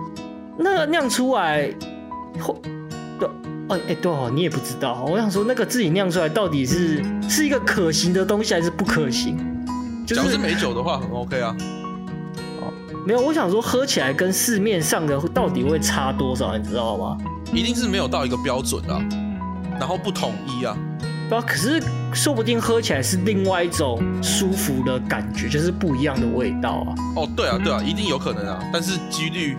[SPEAKER 1] 那釀出來。哎、欸，對哦、啊，你也不知道。我想說，那個自己釀出來到底是是一個可行的東西，還是不可行？
[SPEAKER 2] 講、就是美酒的話，很 OK 啊。
[SPEAKER 1] 沒有，我想說喝起來跟市面上的到底會差多少，你知道嗎？
[SPEAKER 2] 一定是沒有到一個標準啊，然後不統一啊。
[SPEAKER 1] 不、啊，可是說不定喝起來是另外一種舒服的感覺，就是不一樣的味道
[SPEAKER 2] 啊。哦，對啊，對啊，一定有可能啊。但是幾率，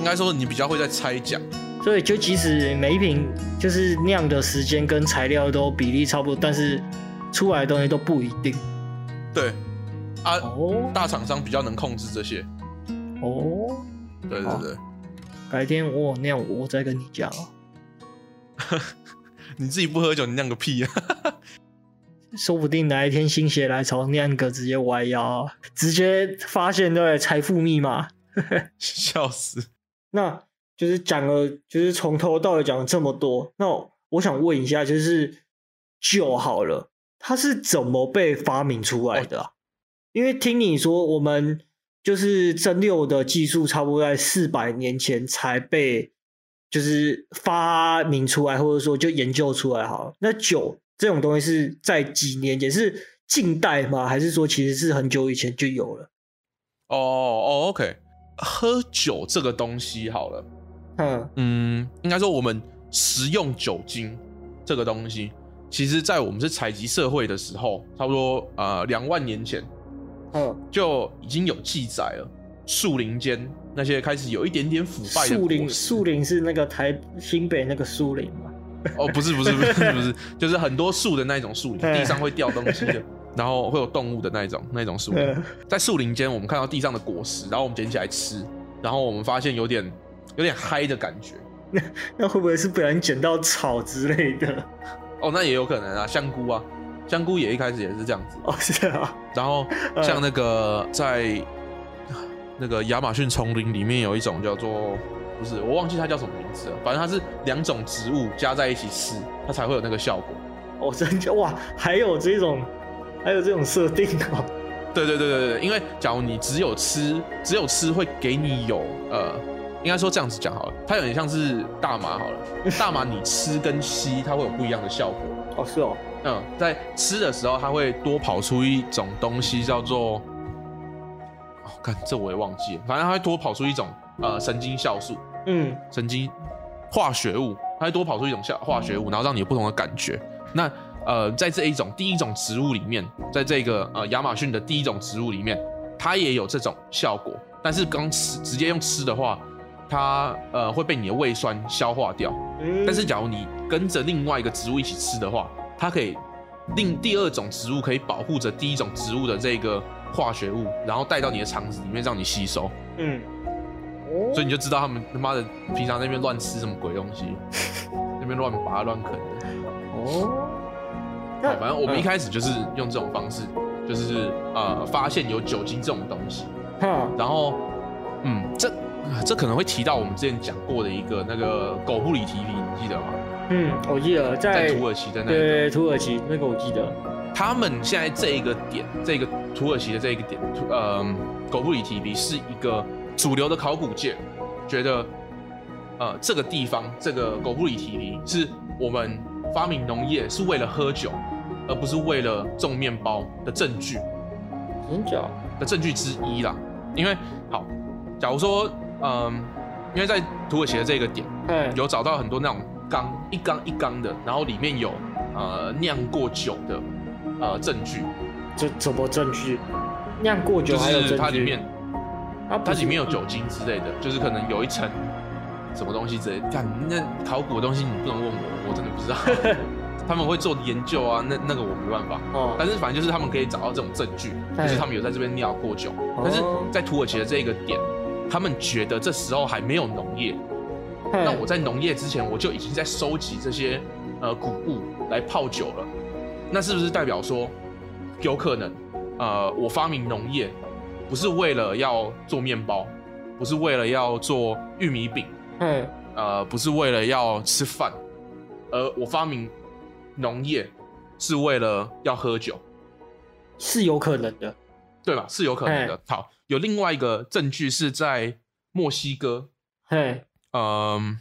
[SPEAKER 2] 應該說你比較會在猜獎。
[SPEAKER 1] 所以，就即使每一瓶就是釀的時間跟材料都比例差不多，但是出來的東西都不一定。
[SPEAKER 2] 對啊，oh? 大廠商比較能控制這些。
[SPEAKER 1] 哦，oh? 對對對，啊、改天我釀，我再跟你講。
[SPEAKER 2] 你自己不喝酒，你釀個屁啊！
[SPEAKER 1] 說不定哪一天心血來潮釀個，直接歪腰，直接發現對財富密碼，
[SPEAKER 2] 笑死。
[SPEAKER 1] 那。就是講了，就是從頭到尾講了這麼多，那我想問一下，就是酒好了，它是怎麼被發明出來的啊？哦啊，因為聽你說，我們就是蒸餾的技術，差不多在四百年前才被就是發明出來，或者說就研究出來。好了，那酒這種東西是在幾年前，是近代嗎？還是說其實是很久以前就有
[SPEAKER 2] 了？哦哦、oh，OK，喝酒這個東西好了。嗯嗯，應該說我們食用酒精這個東西，其實，在我們是採集社會的時候，差不多呃兩萬年前，嗯，就已經有記載了。樹林間那些開始有一點點腐敗的果實。樹林，
[SPEAKER 1] 樹林是那個台新北那個樹林
[SPEAKER 2] 嗎？哦，不是不是不是不是， 就是很多樹的那種樹林，地上會掉東西的， 然後會有動物的那種那種樹林，嗯、在樹林間我們看到地上的果實，然後我們撿起來吃，然後我們發現有點。有點嗨的感覺，
[SPEAKER 1] 那那會不會是不小心撿到草之類的？
[SPEAKER 2] 哦，那也有可能啊，香菇啊，香菇也一開始也是這樣子哦，是的啊。然後像那個在那個亞馬遜叢林裡面有一種叫做，不是我忘記它叫什麼名字了，反正它是兩種植物加在一起吃，它才會有那個效果。我、哦、真
[SPEAKER 1] 的哇，還有這種，還有這種設定嗎？
[SPEAKER 2] 對對對對對，因為假如你只有吃，只有吃會給你有呃。應該說這樣子講好了，它有點像是大麻好了。 因為大麻你吃跟吸，它會有不一樣的效果。哦，是哦，嗯，在吃的時候，它會多跑出一種東西，叫做……哦，看這我也忘記了。反正它會多跑出一種呃神經酵素，嗯，神經化學物，它會多跑出一種化學物，嗯、然後讓你有不同的感覺。那呃，在這一種第一種植物裡面，在這個呃亞馬遜的第一種植物裡面，它也有這種效果，但是剛吃直接用吃的話。它呃會被你的胃酸消化掉，嗯、但是假如你跟着另外一個植物一起吃的話，它可以令第二種植物可以保護着第一種植物的這個化學物，然後帶到你的腸子裡面讓你吸收。
[SPEAKER 1] 嗯，所
[SPEAKER 2] 以你就知道他們他媽的平常那邊亂吃什麼鬼東西， 那邊亂拔亂啃。哦，
[SPEAKER 1] 對，反正我們一開始就是
[SPEAKER 2] 用這種方式，就是呃發現有酒精這種東西，嗯、然後嗯這。這可能會提到我們之前講過的一個那個哥貝克力提佩，你記得嗎？
[SPEAKER 1] 嗯，我記得在土耳其的那個。對，對，對，
[SPEAKER 2] 土耳其那個我記得。他們現在這一個點，這個土耳其的這一個點，呃、嗯，哥貝克力提佩是一個主流的考古界覺得，呃，這個地方這個哥貝克力提佩是我們發明農業是為了喝酒，而不是為了種麵包的證據。很久的證據之一啦，久因為好，假如說。嗯，因為在土耳其的這個點，嗯嘿，有找到很多那種缸，一缸一缸的，然後裡面有呃釀過酒的呃證據，這什麼證據？
[SPEAKER 1] 釀過酒還有證據？就是它裡
[SPEAKER 2] 面、啊、它裡面有酒精之類的，就是可能有一層什麼東西之類的。看那考古的東西，你不能問我，我真的不知道。 他們會做研究啊，那那個我沒辦法。哦，但是反正就是他們可以找到這種證據，嘿就是他們有在這邊釀過酒，哦、但是在土耳其的這一個點。OK 他們覺得這時候還沒有農業，那嘿我在農業之前，我就已經在收集這些呃穀物來泡酒了。那是不是代表說，有可能呃我發明農業不是為了要做麵包，不是為了要做玉米餅，嗯嘿，呃不是為了要吃飯，而我發明農業是為了要喝酒，是有可能的，對吧？是有可能的。嘿好。有另外一個證據是在墨西哥，嘿，嗯，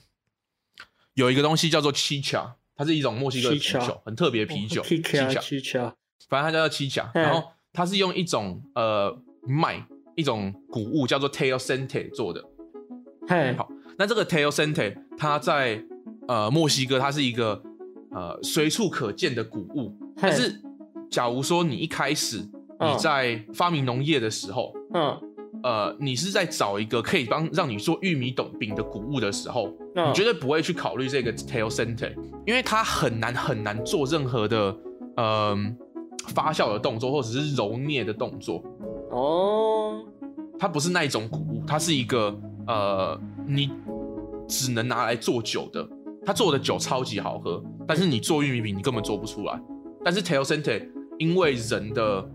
[SPEAKER 2] 有一個東西叫做 Chicha，它是一種墨西哥啤酒，很特別的啤酒。Chicha Ch icha.，Chicha，反正它叫做 Chicha。然後它是用一種呃麥，一種穀物叫做 teosinte 做的。嘿 Hey.、嗯，好，那這個 teosinte 它在呃墨西哥，它是一個呃隨處可見的穀物。Hey. 但是假如說你一開始、oh. 你在發明農業的時候，嗯，呃，你是在找一個可以幫讓你做玉米餅的穀物的時候，嗯、你絕對不會去考慮這個 Teosinte，因為它很難很難做任何的，嗯、呃，發酵的動作或者是揉捏的動作。哦，它不是那一種穀物，它是一個，呃，你只能拿來做酒的。它做的酒超級好喝，但是你做玉米餅你根本做不出來。但是 Teosinte，因為人的。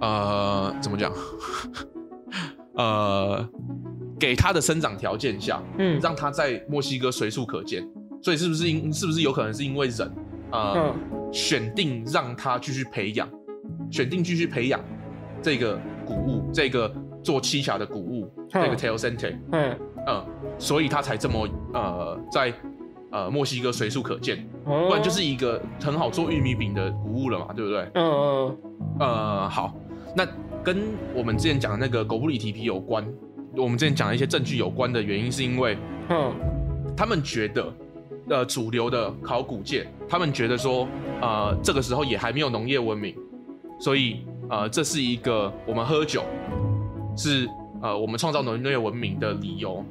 [SPEAKER 2] 呃，怎麼講？呃，給他的生長條件下，嗯，讓他在墨西哥隨處可見。所以是不是因是不是有可能是因為人呃，哦、選定讓他繼續培養，選定繼續培養這個穀物，這個做棲霞的穀物，哦、這個 teosinte 嗯嗯，所以他才這麼呃在呃墨西哥隨處可見。不然就是一個很好做玉米餅的穀物了嘛，對不對？嗯嗯嗯，呃好。那跟我們之前講的那個狗不理 T P 有關，我們之前講的一些證據有關的原因，是因為，嗯，他們覺得，呃，主流的考古界，他們覺得說，呃，這個時候也還沒有農業文明，所以，呃，這是一個我們喝酒，是呃我們創造農業文明的理由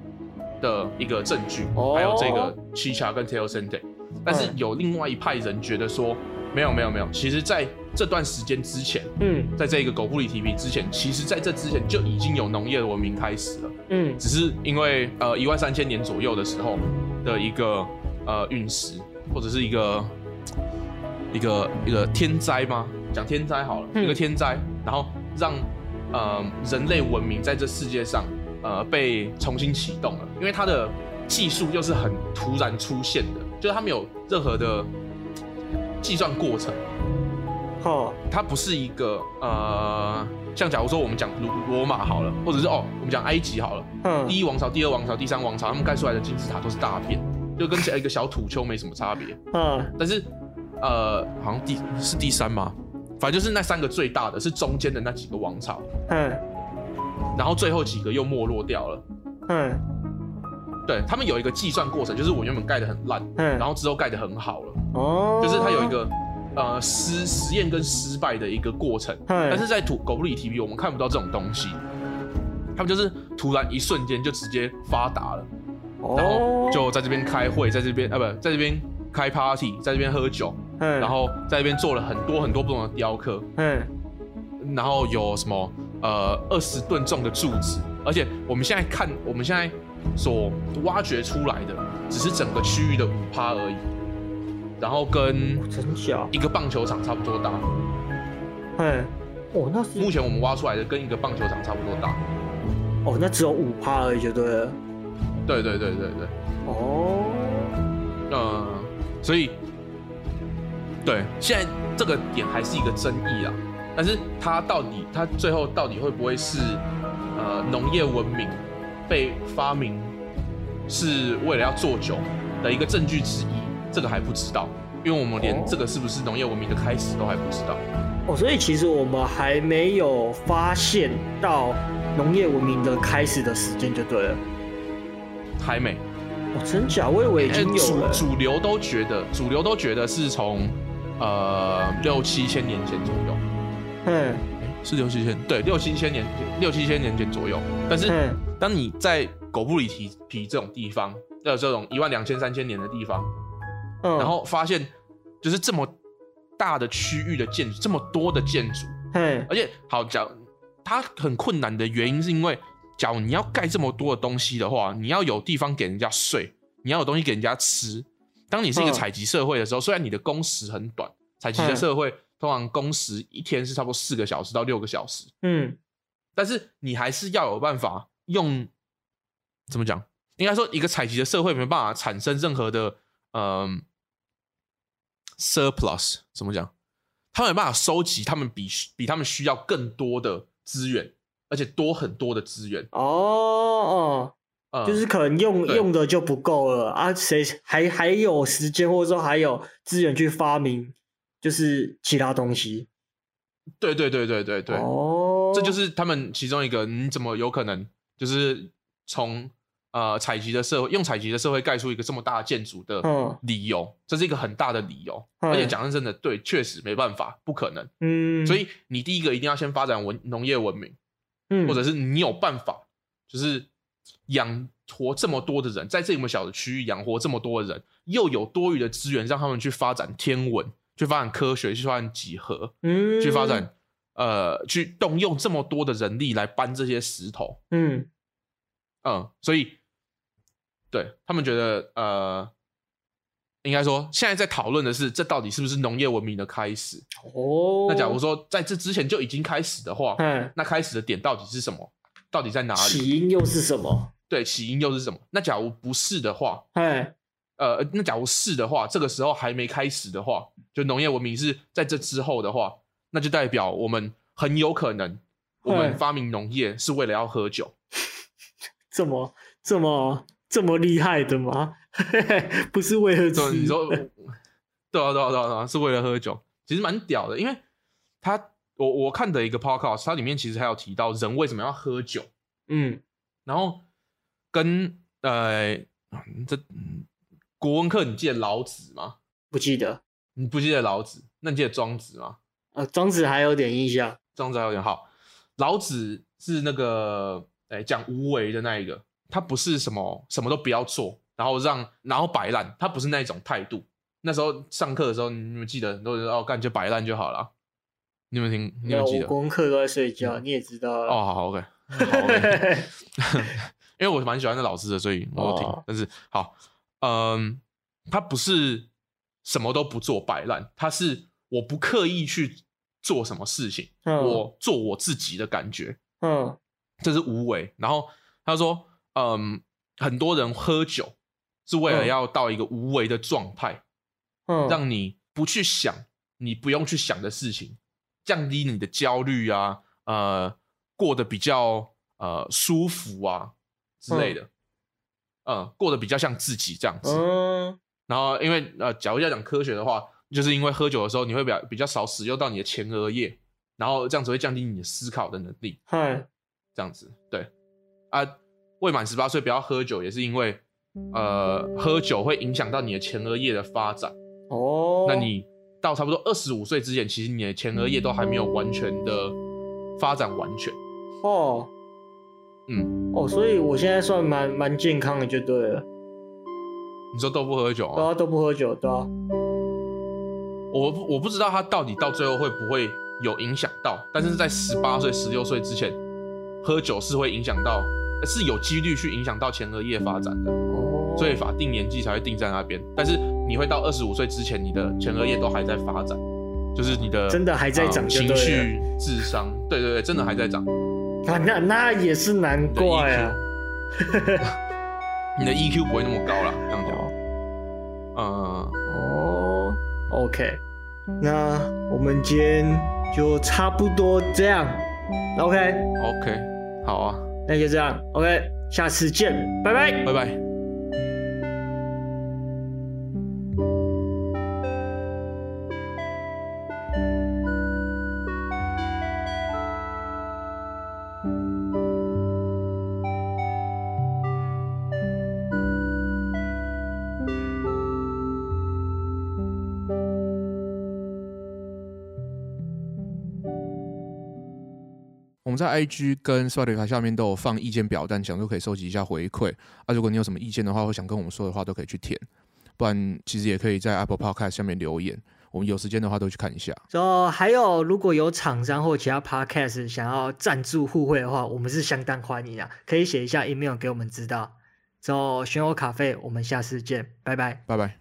[SPEAKER 2] 的一個證據，還有這個七巧跟 Tales and Day，、e、但是有另外一派人覺得說，沒有沒有沒有，其實在。這段時間之前，嗯，在這一個狗不理 tv 之前，其實在這之前就已經有農業文明開始了，嗯，只是因為呃一萬三千年左右的時候的一個呃隕石或者是一個一個一個天災嗎？講天災好了，嗯，一個天災，然後讓呃人類文明在這世界上呃被重新啟動了，因為它的技術又是很突然出現的，就是它沒有任何的計算過程。哦，它不是一個呃，像假如說我們講羅羅馬好了，或者是哦，我們講埃及好了，嗯，第一王朝、第二王朝、第三王朝，他們蓋出來的金字塔都是大片，就跟這一個小土丘沒什麼差別，嗯，但是呃，好像第是第三嗎？反正就是那三個最大的是中間的那幾個王朝，嗯，然後最後幾個又沒落掉了，
[SPEAKER 1] 嗯，
[SPEAKER 2] 對，他們有一個計算過程，就是我原本蓋得很爛，嗯，然後之後蓋得很好
[SPEAKER 1] 了，哦，就是它有一個。
[SPEAKER 2] 呃，實實驗跟失敗的一個過程，嘿但是在土狗不理 TV，我們看不到這種東西，他們就是突然一瞬間就直接發達了，哦，然後就在這邊開會，在這邊啊不，在這邊開 party，在這邊喝酒，嘿然後在這邊做了很多很多不同的雕刻，嗯嘿，然後有什麼呃二十噸重的柱子，而且我們現在看我們現在所挖掘出來的，只是整個區域的五趴而已。然後跟一個棒球場差不多大，哎，哦，那是目前我們挖出來的，跟一個棒球場差不多大，哦，那只有五趴而已，就對了，對對對對對哦，嗯，所以，對，現在這個點還是一個爭議啊，但是它到底，它最後到底會不會是呃農業文明被發明是為了要做酒的一個證據之一？這個還不知道，因為我們連這個是不是農業文明的開始都還不知道。
[SPEAKER 1] 哦，所以其實我們還沒有發現到農業文明的開始的時間就對了。還沒？我、哦、真假？我
[SPEAKER 2] 以為已經有、欸、主，主流都覺得，主流都覺得是從呃六七千年前左右。嗯嘿，是六七千，對，六七千年前，六七千年前左右。但是當你在狗布里提皮這種地方，要有這種一萬兩千三千年的地方。然後發現，就是這麼大的區域的建築，這麼多的建築，嗯嘿，而且好講，它，很困難的原因是因為，假如你要蓋這麼多的東西的話，你要有地方給人家睡，你要有東西給人家吃。當你是一個採集社會的時候，哦、雖然你的工時很短，採集的社會嘿通常工時一天是差不多四個小時到六個小時，嗯，但是你還是要有辦法用，怎麼講？應該說一個採集的社會沒有辦法產生任何的，嗯、呃。Surplus 怎麼講？他們有辦法收集他們比比他們需要更多的資源，而且多很多的資源。哦
[SPEAKER 1] 哦，就是可能用對用的就不夠了啊！誰還還有時間或者說還有資源去發明，就是其他東西？
[SPEAKER 2] 對對對對對對，哦，oh. 這就是他們其中一個。你怎麼有可能就是從？呃，採集的社會用採集的社會蓋出一個這麼大的建築的理由，哦、這是一個很大的理由。嘿而且講得真的對，確實沒辦法，不可能。嗯，所以你第一個一定要先發展文農業文明，嗯，或者是你有辦法，就是養活這麼多的人，在這麼小的區域養活這麼多的人，又有多餘的資源，讓他們去發展天文，去發展科學，去發展幾何，嗯，去發展，呃，去動用這麼多的人力來搬這些石頭，嗯嗯，所以。對，他們覺得，呃，應該說，現在在討論的是，這到底是不是農業文明的開始？
[SPEAKER 1] 哦，那假如說
[SPEAKER 2] 在這之前就已經開始的話，嗯嘿，那開始的點到底是什麼？到底在哪裡？起因又是什麼？對，起因又是什麼？那假如不是的話，嗯嘿，呃，那假如是的話，這個時候還沒開始的話，就農業文明是在這之後的話，那就代表我們很有可能，我們發明農業是為了要喝酒，
[SPEAKER 1] 這麼嘿 這麼。這麼這麼厲害的嗎？ 不是為了喝酒。你說，
[SPEAKER 2] 對啊，對啊，對啊，是為了喝酒。其實蠻屌的，因為他我我看的一個 podcast，它裡面其實還有提到人為什麼要喝酒。嗯，然後跟呃，這國文課你記得老子嗎？不記得。你不記得老子，那你記得莊子嗎？呃、啊，莊子還有點印象。莊子還有點好。老子是那個哎，講、欸、無為的那一個。他不是什麼什麼都不要做，然後讓然後擺爛，他不是那種態度。那時候上課的時候，你們記得很多人哦，乾就擺爛就好了。你們聽，你們記得？
[SPEAKER 1] 功課都在睡覺，嗯、你也知道了。哦，好，好，OK，
[SPEAKER 2] 好。Okay 因為我蠻喜歡那老師的，所以我聽。哦、但是好，嗯，他不是什麼都不做擺爛，他是我不刻意去做什麼事情，嗯、我做我自己的感覺，
[SPEAKER 1] 嗯，
[SPEAKER 2] 這是無為。然後他說。嗯，很多人喝酒是為了要到一個無為的狀態，嗯嗯、讓你不去想你不用去想的事情，降低你的焦慮啊，呃，過得比較呃舒服啊之類的，嗯，嗯，過得比較像自己這樣子。嗯、然後因為呃，假如要講科學的話，就是因為喝酒的時候你會比較比較少使用到你的前額葉，然後這樣子會降低你的思考的能力。嘿嗯、這樣子對啊。未滿十八歲不要喝酒，也是因為，呃，喝酒會影響到你的前額葉的發展。哦，oh. 那你到差不多二十五歲之前，其實你的前額葉都還沒有完全的發展完全。哦，oh. 嗯，哦
[SPEAKER 1] ，oh, 所以我現在算蠻蠻健康的就對了。
[SPEAKER 2] 你說都不喝酒啊？對
[SPEAKER 1] 啊，都不喝酒，對啊。我
[SPEAKER 2] 我不知道他到底到最後會不會有影響到，但是在十八歲、十六歲之前喝酒是會影響到。是有幾率去影響到前額葉發展的，所以法定年紀才會定在那邊。但是你會到二十五歲之前，你的前額葉都還在發展，就是你的真的還在長、嗯、情緒、智商，對對對，真的還在長。
[SPEAKER 1] 啊、那那也是難怪啊
[SPEAKER 2] ，EQ、 你的 EQ 不會那麼高啦，這樣講。嗯，
[SPEAKER 1] 哦，OK，那我們今天就差不多這樣，OK，OK，okay. okay, 好啊。那就這樣，OK，下次見，拜拜，拜拜。
[SPEAKER 2] 在 IG 跟 Twitter 下面都有放意見表單，但想說可以收集一下回饋。啊，如果你有什麼意見的話，或想跟我們說的話，都可以去填。不然，其實也可以在 Apple Podcast 下面留言。我們有時間的話，都去看一下。
[SPEAKER 1] 後、so, 還有，如果有廠商或其他 Podcast 想要贊助互惠的話，我們是相當歡迎的、啊。可以寫一下 email 給我們知道。就選我卡費，我們下次見，拜拜，拜拜。